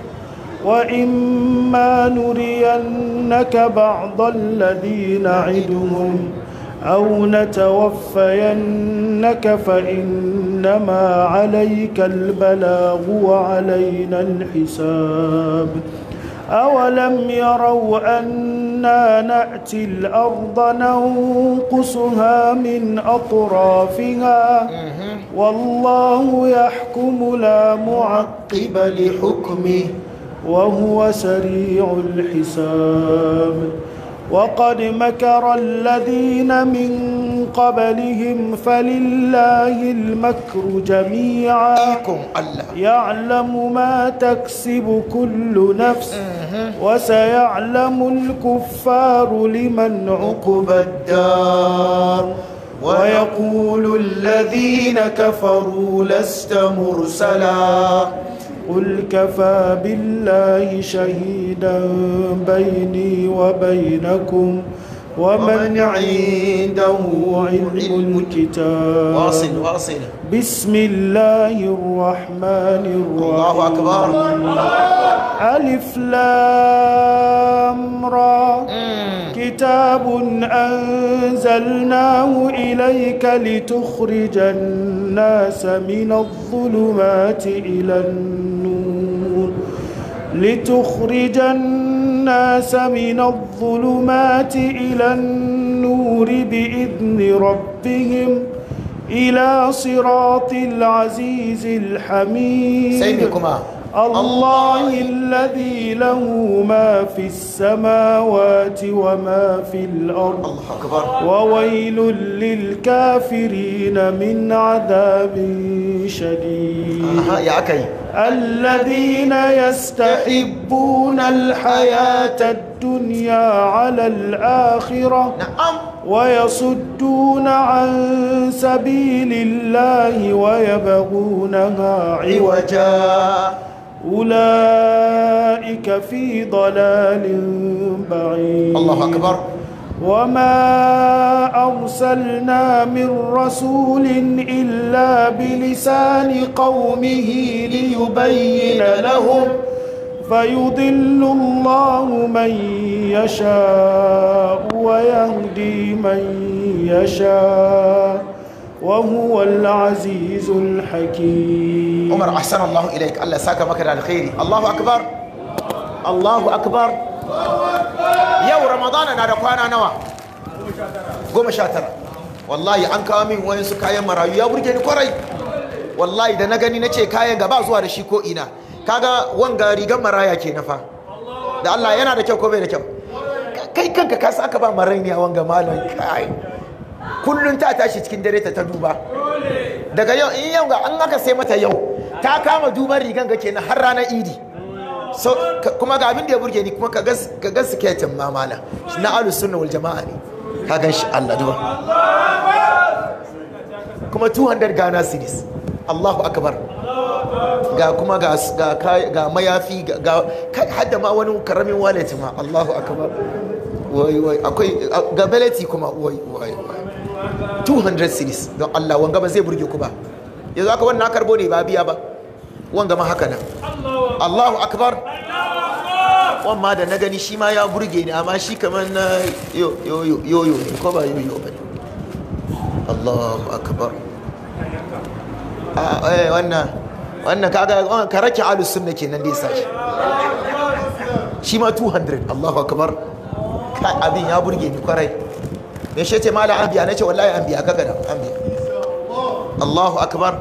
C: وإما نرينك بعض الذي نعدهم أو نتوفينك فإنما عليك البلاغ وعلينا الحساب أولم يروا أنا نأتي الأرض ننقصها من أطرافها والله يحكم لا معقب لحكمه وهو سريع الحساب وقد مكر الذين من قبلهم فلله المكر جميعا يعلم ما تكسب كل نفس وسيعلم الكفار لمن عقب الدار ويقول الذين كفروا لست مرسلا قل كفى بالله شهيدا بيني وبينكم ومن عنده علم الكتاب واصل واصل بسم الله الرحمن الرحيم الله أكبر ألف لام را كتاب أنزلناه إليك لتخرج الناس من الظلمات إلى النور لتخرج الناس من الظلمات إلى النور بإذن ربهم إلى صراط العزيز الحميد سيدكما الله الذي له ما في السماوات وما في الأرض الله أكبر وويل للكافرين من عذاب شديد يا أكي الذين يستحبون الحياة الدنيا الدنيا على الآخرة نعم ويصدون عن سبيل الله ويبغونها عوجا أولئك في ضلال بعيد الله أكبر وما أرسلنا من رسول إلا بلسان قومه ليبين لهم فيضل الله من يشاء ويهدي من يشاء وهو العزيز الحكيم عمر أحسن الله إليك
B: الله ساك مكر الخير الله أكبر الله أكبر يو رمضان أنا رقوانا نوا قوم شاترا والله أنك أمين وين سكايا مرايو يا برجاني كوري والله إذا نغني نتشي كايا غبازوا رشيكو إنا kaga wanga rigar maraya ke nafa da Allah yana da kyau ko bai da kyau kai kanka ka aka ba marainiya wanga malam kai kullun ta tashi cikin dare ta duba daga yau in yau ga an aka sai mata yau ta kama duban rigan ga kenan har ranar idi so kuma ga abin da ya burge ni kuma ka ga siketin ma mala na alu sunna wal jama'a ne ka gan shi Allah duba kuma 200 Ghana series Allahu akbar ga kuma ga mayafi ga hadda ma wani karamin wallet ma Allahu akbar wai wai akwai ga beleti kuma wai wai 200 series don Allah wanga ba zai burge ku ba yanzu aka wannan karbo ne ba biya ba wanga ma haka nan Allahu akbar wan ma da na gani shi ma ya burge ni amma shi kamar na yoyo yoyo ne ko ba yoyo ba Allahu akbar a eh, wannan wannan kaga ka rake ahlus sunna kenan da yasa shi ma 200 Allahu akbar kai abin ya burge ni kwarai me shi ce mala anbiya nace wallahi anbiya kaga da anbiya Allahu akbar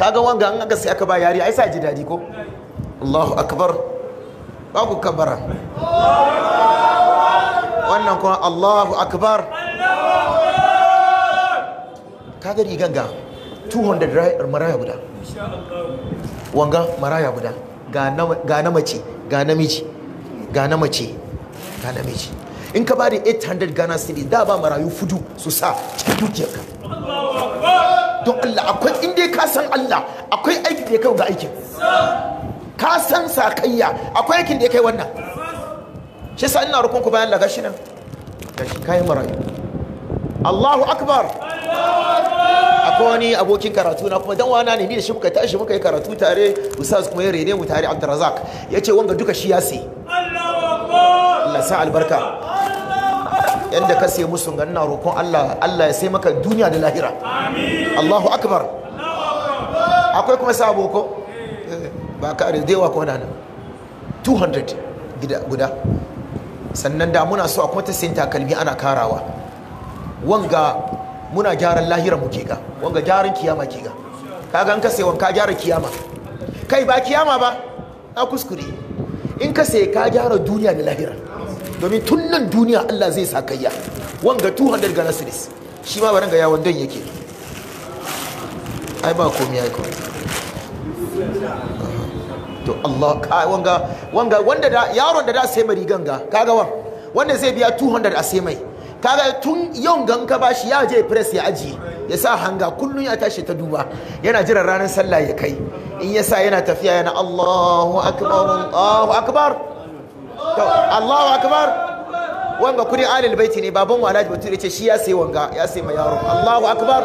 B: kaga wanga an aka sai aka ba yari ai sa ji dadi ko Allahu akbar ba ku kabara wannan kuma Allahu akbar kaga rigan ga 200 maraya guda wanga maraya guda ga na mace ga namiji ga na mace ga namiji in ka bada 800 ghana city da ba marayu fudu su sa cikin dukiyarka don Allah akwai inda ka san Allah akwai aiki da ya kai ga aikin ka san sakayya akwai aikin da ya kai wannan shi sa ina rukunku bayan lagashi nan gashi kayan marayu Allahu akbar akwai wani abokin karatu na kuma dan wana ne ni da shi muka tashi muka yi karatu tare ustaz kuma ya rene mu tare Abdurrazak yace wanga duka shi ya sai Allahu
A: akbar
B: Allah sa albarka yanda ka sai musu ganna roƙon Allah Allah ya sai maka duniya da lahira amin Allahu akbar akwai kuma sabo ko ba ka da dewa ko nan 200 gida guda sannan da muna so akwai ta sayin takalmi ana karawa wanga muna gyaran lahira mu ke ga wanga gyaran kiyama ke ga kaga an ka sai wanka gyara kiyama kai ba kiyama ba a kuskure in ka sai ka gyara duniya da lahira domin tun nan duniya Allah zai sa kayya wanga 200 ga nasiris shi ma baranga ya wandon yake ai ba komai ai ko to Allah ka wanga wanga wanda da yaron da da sai mari ganga kaga wan wanda zai biya 200 a sai mai kaga tun yau gan ka bashi ya je press ya aji ya sa hanga kullun ya tashi ta duba yana jiran ranar sallah ya kai in ya sa yana tafiya yana Allahu akbar Allahu akbar to Allahu akbar wanga kuri alil baiti ne baban wa Alhaji Bature ce shi ya sai wanga ya sai mai yaro Allahu akbar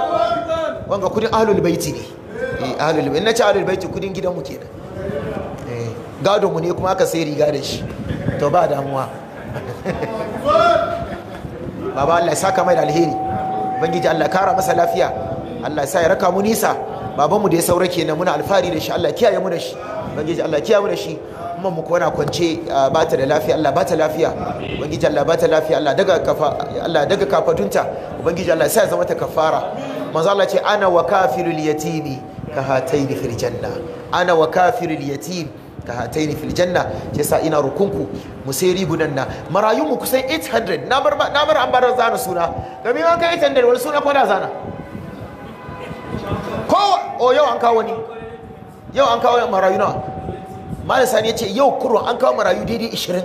B: wanga kudin alil baiti ne eh alil baiti nace alil baiti kudin gidan mu kenan eh gado mu ne kuma aka sai riga da shi to ba damuwa baba Allah ya saka mai da alheri ubangiji Allah kara masa lafiya Allah ya sa ya raka mu nisa baban mu da ya saura kenan muna alfahari da shi Allah kiyaye mu da shi ubangiji Allah kiyaye mu da shi kuma mu kona kwance ba ta da lafiya Allah ba ta lafiya ubangiji Allah ba ta lafiya Allah daga kafa Allah daga kafatunta ubangiji Allah ya sa ya zama ta kafara manzo Allah ce ana wa kafirul yatimi ka hataini fil janna ana wa kafirul yatimi hataini fil janna sa ina rukunku mu sai rigunan na marayunmu kusan 800 na bar an bar zana suna gami an kai 800 wani suna ko zana ko o yau an kawo ni yau an kawo marayu nawa malam sani ce yau kurun an kawo marayu daidai 20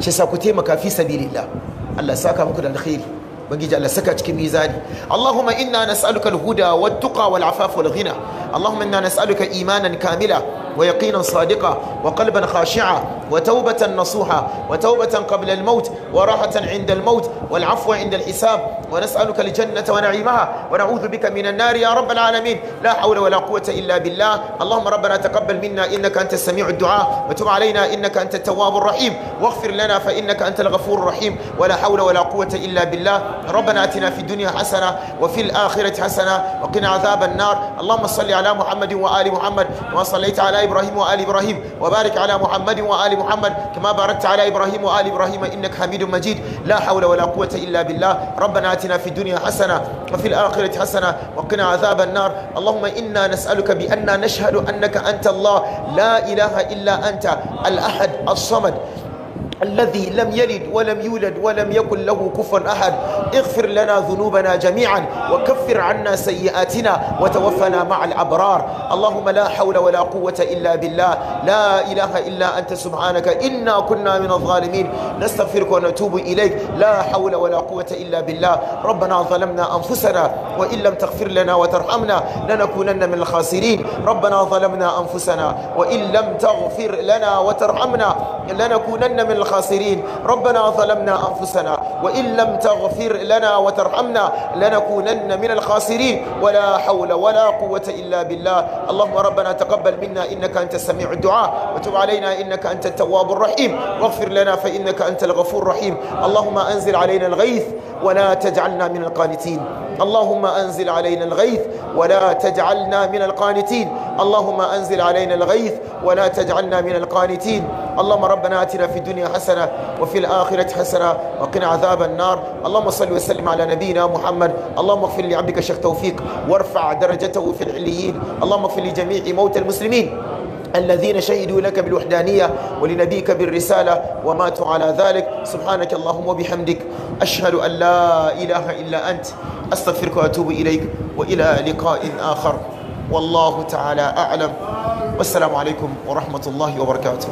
B: ce sa ku taimaka fi sabilillah Allah saka muku da alkhairi ubangiji Allah saka cikin mizani Allahumma inna nas'aluka al-huda wat-tuqa wal-afafa wal-ghina Allahumma inna nas'aluka imanan kamila wa yaqinan sadiqa wa qalban khashi'a وتوبة نصوحة وتوبة قبل الموت وراحة عند الموت والعفو عند الحساب ونسألك الجنة ونعيمها ونعوذ بك من النار يا رب العالمين لا حول ولا قوة إلا بالله اللهم ربنا تقبل منا إنك أنت السميع الدعاء وتب علينا إنك أنت التواب الرحيم واغفر لنا فإنك أنت الغفور الرحيم ولا حول ولا قوة إلا بالله ربنا أتنا في الدنيا حسنة وفي الآخرة حسنة وقنا عذاب النار اللهم صل على محمد وآل محمد وصليت على إبراهيم وآل إبراهيم وبارك على محمد وآل محمد كما باركت على إبراهيم وآل إبراهيم إنك حميد مجيد لا حول ولا قوة إلا بالله ربنا آتنا في الدنيا حسنة وفي الآخرة حسنة وقنا عذاب النار اللهم إنا نسألك بأننا نشهد أنك أنت الله لا إله إلا أنت الأحد الصمد الذي لم يلد ولم يولد ولم يكن له كفوا أحد اغفر لنا ذنوبنا جميعا وكفر عنا سيئاتنا وتوفنا مع الأبرار اللهم لا حول ولا قوة إلا بالله لا إله إلا أنت سبحانك إنا كنا من الظالمين نستغفرك ونتوب إليك لا حول ولا قوة إلا بالله ربنا ظلمنا أنفسنا وإن لم تغفر لنا وترحمنا لنكونن من الخاسرين ربنا ظلمنا أنفسنا وإن لم تغفر لنا وترحمنا لنكونن من الخاسرين الخاسرين ربنا ظلمنا أنفسنا وإن لم تغفر لنا وترحمنا لنكونن من الخاسرين ولا حول ولا قوة إلا بالله اللهم ربنا تقبل منا إنك أنت السميع الدعاء وتب علينا إنك أنت التواب الرحيم واغفر لنا فإنك أنت الغفور الرحيم اللهم أنزل علينا الغيث ولا تجعلنا من القانتين اللهم أنزل علينا الغيث ولا تجعلنا من القانتين اللهم أنزل علينا الغيث ولا تجعلنا من القانتين اللهم ربنا آتنا في الدنيا حسنة حسنة وفي الآخرة حسنة وقنا عذاب النار اللهم صل وسلم على نبينا محمد اللهم اغفر لعبدك الشيخ توفيق وارفع درجته في العليين اللهم اغفر لجميع موتى المسلمين الذين شهدوا لك بالوحدانية ولنبيك بالرسالة وماتوا على ذلك سبحانك اللهم وبحمدك أشهد أن لا إله إلا أنت أستغفرك وأتوب إليك وإلى لقاء آخر والله تعالى أعلم والسلام عليكم ورحمة الله وبركاته